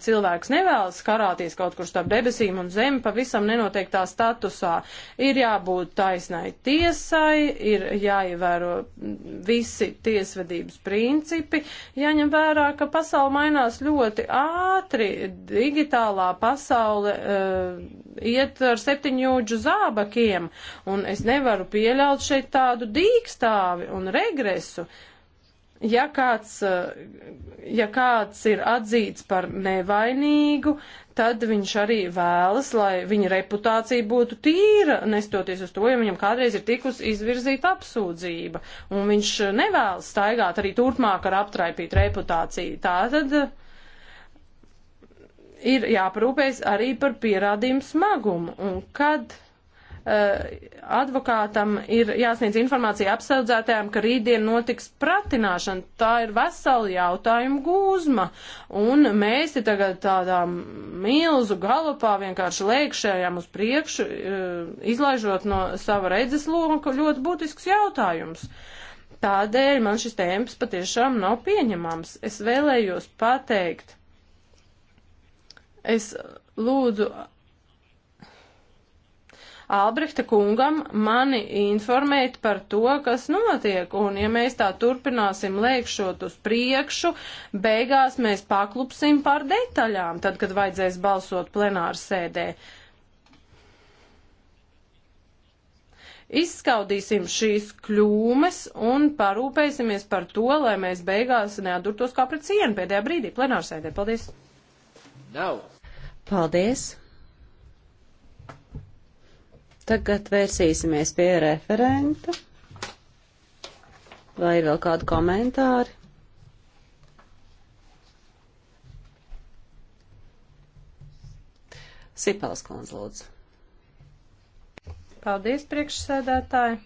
Speaker 3: Cilvēks nevēlas karāties kaut kur starp debesīm un zemi pa pavisam nenoteiktā statusā. Ir jābūt taisnai tiesai, ir jāievēro visi tiesvedības principi, jaņem vērā, ka pasauli mainās ļoti ātri, digitālā pasaule uh, iet ar septiņūģu zābakiem, un es nevaru pieļaut šeit tādu dīkstāvi un regresu. Uh, ja kāds, eh, ja kāds ir atzīts par nevainīgu, tad viņš arī vēlas, lai viņa reputācija būtu tīra, nestoties uz to, ja viņam kādreiz ir tikus izvirzīta apsūdzība, un viņš nevēlas staigāt arī turpmāk ar aptraipīt reputāciju. Tā tad eh, ir jāparūpējas arī par pierādījumu smagumu, un kad Eh, advokātam ir jāsniedz informācija apsaudzētājiem, ka rītdien notiks pratināšana. Tā ir vesela jautājuma gūzma. Un mēs te tagad tādā milzu galopā vienkārši lēkšējām uz priekšu, eh, izlaižot no sava redzes loka ļoti būtisks jautājums. Tādēļ man šis tēmps patiešām nav pieņemams. Es vēlējos pateikt, es lūdzu Albrehta kungam mani informēt par to, kas notiek. Un ja mēs tā turpināsim lēkšot uz priekšu, beigās mēs paklupsim par detaļām, tad, kad vajadzēs balsot plenāru sēdē. Izskaudīsim šīs kļūmes un parūpēsimies par to, lai mēs beigās neatdurtos kā pret sienu pēdējā brīdī plenārsēdē. Paldies! Nav.
Speaker 2: Paldies! Tagad vērsīsimies pie referenta. Vai ir vēl kādi komentāri? Sipels kundze, lūdzu.
Speaker 3: Paldies, priekšsēdētāji.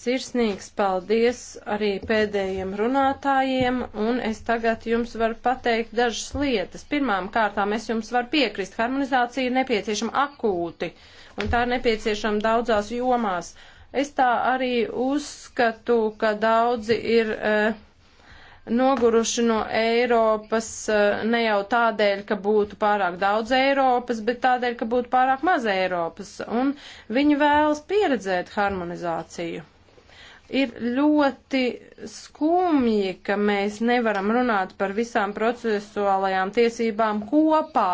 Speaker 3: Sirsnīgs paldies arī pēdējiem runātājiem, un es tagad jums varu pateikt dažas lietas. Pirmām kārtām es jums varu piekrist, harmonizācija ir nepieciešama akūti, un tā ir nepieciešama daudzās jomās. Es tā arī uzskatu, ka daudzi ir. Uh, noguruši no Eiropas eh, ne jau tādēļ, ka būtu pārāk daudz Eiropas, bet tādēļ, ka būtu pārāk maz Eiropas, un viņi vēlas pieredzēt harmonizāciju. Ir ļoti skumji, ka mēs nevaram runāt par visām procesuālajām tiesībām kopā,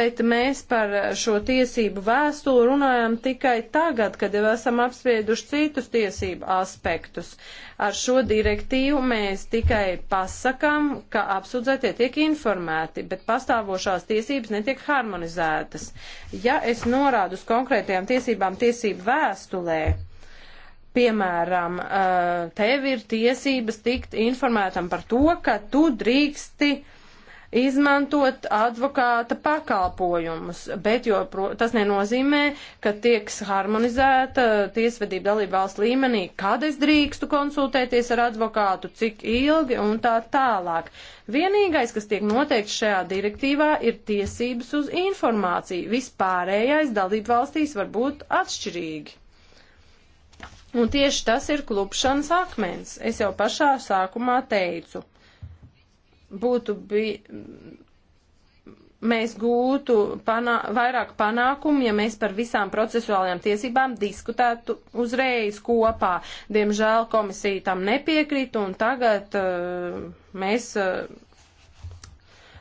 Speaker 3: bet mēs par šo tiesību vēstuli runājam tikai tagad, kad jau esam apsprieduši citus tiesību aspektus. Ar šo direktīvu mēs tikai pasakam, ka apsūdzētie tiek informēti, bet pastāvošās tiesības netiek harmonizētas. Ja es norādu uz konkrētajām tiesībām tiesību vēstulē, Piemēram, eh, tev ir tiesības tikt informētam par to, ka tu drīksti izmantot advokāta pakalpojumus, bet jo, tas nenozīmē, ka tieks harmonizēta tiesvedība dalība valsts līmenī, kad es drīkstu konsultēties ar advokātu, cik ilgi un tā tālāk. Vienīgais, kas tiek noteikts šajā direktīvā, ir tiesības uz informāciju. Vispārējais dalība valstīs var būt atšķirīgi. Un tieši tas ir klupšanas akmens. Es jau pašā sākumā teicu, būtu bija, mēs gūtu panā, vairāk panākumu, ja mēs par visām procesuālajām tiesībām diskutētu uzreiz kopā. Diemžēl komisija tam nepiekrita un tagad uh, mēs. Uh,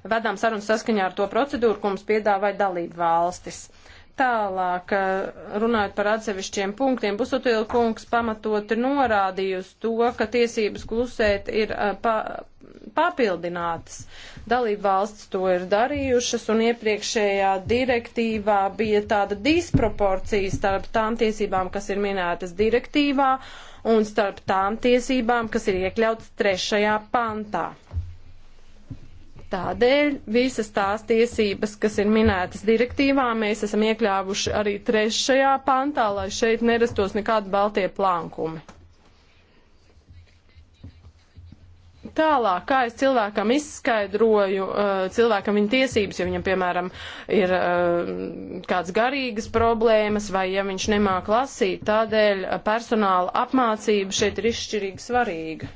Speaker 3: Vedām sarunas saskaņā ar to procedūru, ko mums piedāvāja dalību valstis. Uh, Tālāk, eh, runājot par atsevišķiem punktiem, Busotila kungs pamatoti norādījusi to, ka tiesības klusēt ir eh, pa, papildinātas. Dalība valsts to ir darījušas, un iepriekšējā direktīvā bija tāda disproporcija starp tām tiesībām, kas ir minētas direktīvā, un starp tām tiesībām, kas ir iekļautas trešajā pantā. Tādēļ visas tās tiesības, kas ir minētas direktīvā, mēs esam iekļāvuši arī trešajā pantā, lai šeit nerastos nekādi baltie plankumi. Tālāk, kā es cilvēkam izskaidroju, uh, cilvēkam viņa tiesības, ja viņam, piemēram, ir uh, kāds garīgas problēmas vai ja viņš nemāk lasīt, tādēļ personāla apmācība šeit ir izšķirīgi svarīga.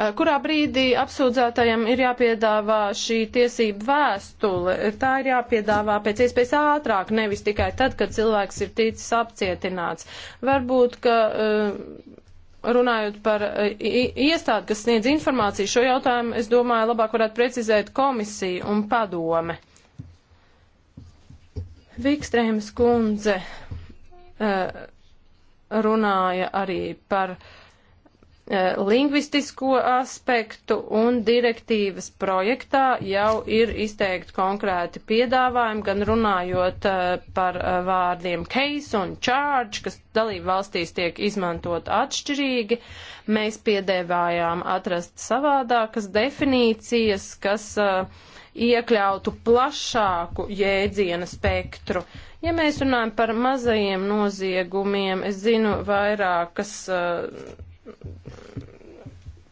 Speaker 3: Eh, kurā brīdī apsūdzētajam ir jāpiedāvā šī tiesība vēstule. Tā ir jāpiedāvā pēc iespējas ātrāk, nevis tikai tad, kad cilvēks ir ticis apcietināts. Varbūt, ka eh, runājot par eh, iestādi, kas sniedz informāciju šo jautājumu, es domāju, labāk varētu precizēt komisiju un padome. Vikstrēmas kundze runāja arī par uh, Eh, lingvistisko aspektu un direktīvas projektā jau ir izteikti konkrēti piedāvājumi, gan runājot eh, par eh, vārdiem case un charge, kas dalību valstīs tiek izmantot atšķirīgi. Mēs piedāvājām atrast savādākas definīcijas, kas iekļautu plašāku jēdziena spektru. Ja mēs runājam par mazajiem noziegumiem, es zinu vairākas uh,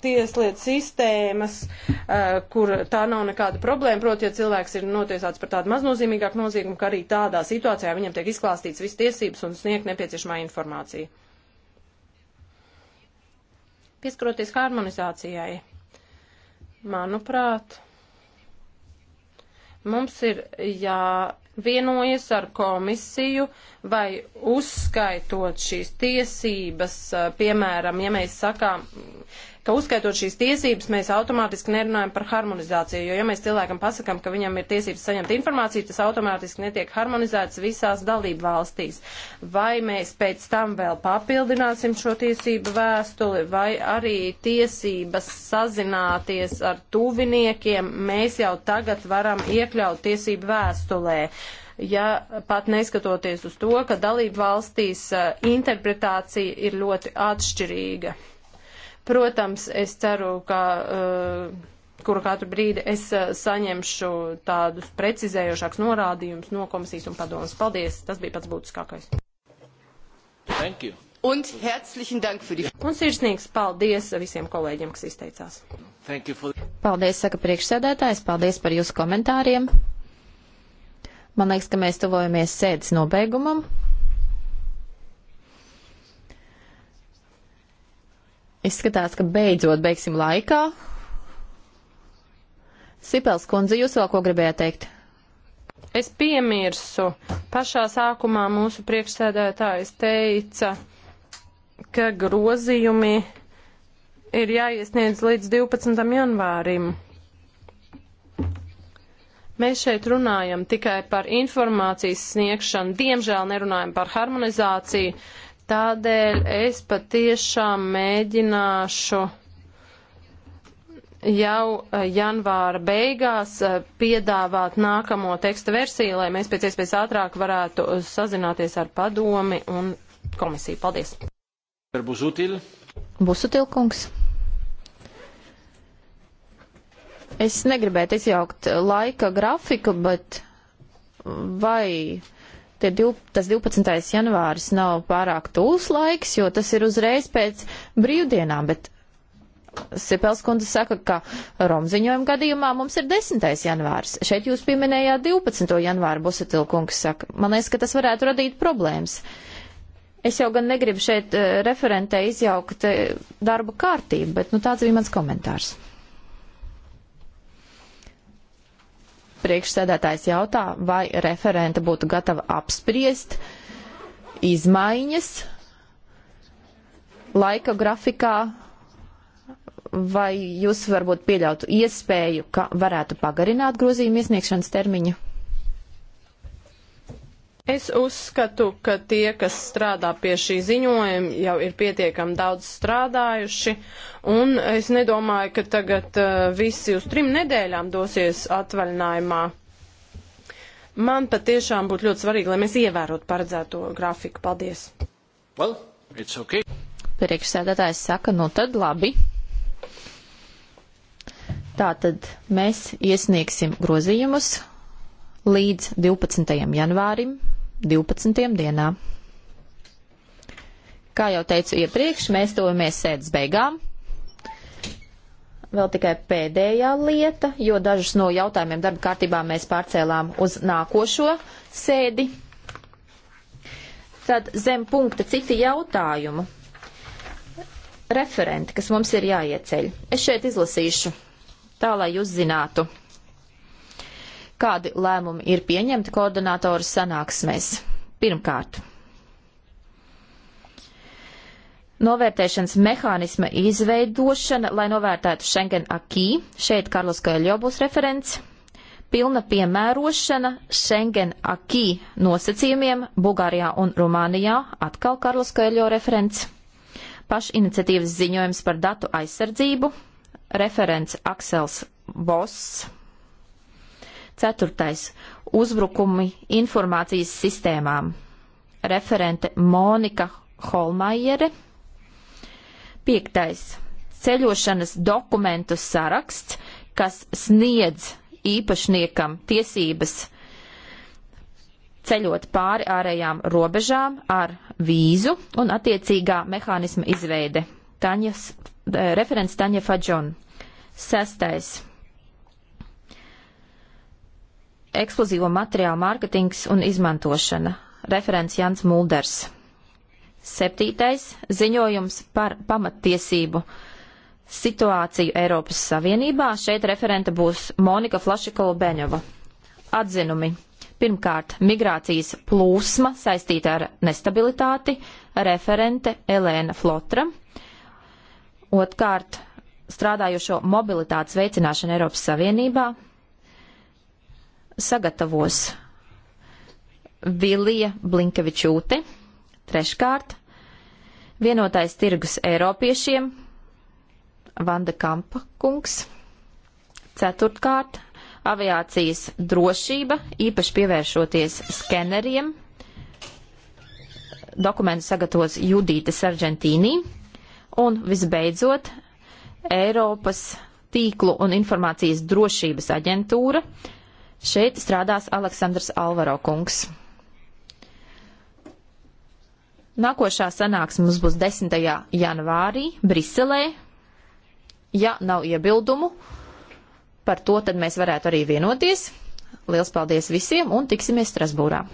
Speaker 3: tieslietu sistēmas, uh, kur tā nav nekāda problēma. Proti, ja cilvēks ir notiesāts par tādu maznozīmīgāku noziegumu, ka arī tādā situācijā viņam tiek izklāstīts viss tiesības un sniegt nepieciešamā informācija. Pieskaroties harmonizācijai, manuprāt, mums ir jā vienojas ar komisiju vai uzskaitot šīs tiesības, piemēram, ja mēs sakām, ka uzskaitot šīs tiesības, mēs automātiski nerunājam par harmonizāciju, jo ja mēs cilvēkam pasakam, ka viņam ir tiesības saņemt informāciju, tas automātiski netiek harmonizēts visās dalību valstīs. Vai mēs pēc tam vēl papildināsim šo tiesību vēstuli, vai arī tiesības sazināties ar tuviniekiem mēs jau tagad varam iekļaut tiesību vēstulē ja pat neskatoties uz to, ka dalību valstīs eh, interpretācija ir ļoti atšķirīga. Protams, es ceru, ka. Uh, kuru katru brīdi es eh, saņemšu tādus precizējošākus norādījumus no komisijas un padomas. Paldies, tas bija pats būtiskākais. Thank you. Un herzlichen Dank für die. Un sirsnīgs paldies visiem kolēģiem, kas izteicās.
Speaker 2: Thank you for.
Speaker 1: Paldies, saka priekšsēdētājs, paldies par jūsu komentāriem. Man liekas, ka mēs tuvojamies sēdes nobeigumam. Izskatās, ka beidzot beigsim laikā. Sipels kundze, jūs vēl ko gribējāt teikt?
Speaker 3: Es piemirsu. Pašā sākumā mūsu priekšsēdētājs teica, ka grozījumi ir jāiesniedz līdz 12. janvārim. Mēs šeit runājam tikai par informācijas sniegšanu, diemžēl nerunājam par harmonizāciju. Uh, Tādēļ es patiešām mēģināšu jau eh, janvāra beigās eh, piedāvāt nākamo teksta versiju, lai mēs pēc iespējas ātrāk varētu eh,
Speaker 1: sazināties ar padomi un komisiju. Paldies! Busutil. Busutilkungs. Es negribētu izjaukt laika grafiku, bet vai tie div, tas 12. janvāris nav pārāk tūls laiks, jo tas ir uzreiz pēc brīvdienām, bet Sipels kundze saka, ka Romziņojuma gadījumā mums ir 10. janvārs. Šeit jūs pieminējāt 12. janvāru, Busatilkungs saka. Man liekas, ka tas varētu radīt problēmas. Es jau gan negribu šeit eh, referentē izjaukt eh, darba kārtību, bet nu, tāds bija mans komentārs. Priekšsēdētājs jautā, vai referenta būtu gatava apspriest izmaiņas laika grafikā, vai jūs varbūt pieļautu iespēju, ka varētu pagarināt grozījumu iesniegšanas termiņu?
Speaker 3: Es uzskatu, ka tie, kas strādā pie šī ziņojuma, jau ir pietiekami daudz strādājuši, un es nedomāju, ka tagad uh, visi uz trim nedēļām dosies atvaļinājumā. Man patiešām būtu ļoti svarīgi, lai mēs ievērotu
Speaker 1: paredzēto grafiku. Paldies!
Speaker 3: Well, okay.
Speaker 1: Priekšsēdētājs saka, nu tad labi. Tātad mēs iesniegsim grozījumus līdz 12. janvārim 12. dienā. Kā jau teicu iepriekš, mēs tojamies sēdes beigām. Vēl tikai pēdējā lieta, jo dažus no jautājumiem darba kārtībā mēs pārcēlām uz nākošo sēdi. Tad zem punkta citi jautājumi. Referenti, kas mums ir jāieceļ. Es šeit izlasīšu tā, lai jūs zinātu kādi lēmumi ir pieņemti koordinātoru sanāksmēs. Pirmkārt, novērtēšanas mehānisma izveidošana, lai novērtētu Schengen akī, šeit Karlos Kaļļo būs referents, pilna piemērošana Schengen akī nosacījumiem Bulgārijā un Rumānijā, atkal Karlos Kaļļo referents, pašiniciatīvas ziņojums par datu aizsardzību, referents Aksels Boss, Ceturtais - uzbrukumi informācijas sistēmām. Referente Monika Holmajere. Piektais - ceļošanas dokumentu saraksts, kas sniedz īpašniekam tiesības ceļot pāri ārējām robežām ar vīzu un attiecīgā mehānisma izveide. Taņas, referents Taņa Fadžon. Sestais eksplozīvo materiālu mārketings un izmantošana. Referents Jans Mulders. Septītais ziņojums par pamattiesību situāciju Eiropas Savienībā. Šeit referenta būs Monika Flašikola Beņova. Atzinumi. Pirmkārt, migrācijas plūsma saistīta ar nestabilitāti, referente Elēna Flotra. Otkārt, strādājošo mobilitātes veicināšana Eiropas Savienībā, sagatavos Vilija Blinkevičūte, treškārt, vienotais tirgus Eiropiešiem, Vanda Kampa kungs, ceturtkārt, aviācijas drošība, īpaši pievēršoties skeneriem, dokumentu sagatavos Judīte Sargentīnī, un visbeidzot, Eiropas tīklu un informācijas drošības aģentūra, Šeit strādās Aleksandrs Alvaro kungs. Nākošā sanāksme mums būs 10. janvārī Briselē. Ja nav iebildumu, par to tad mēs varētu arī vienoties. Liels paldies visiem un tiksimies Strasbūrā!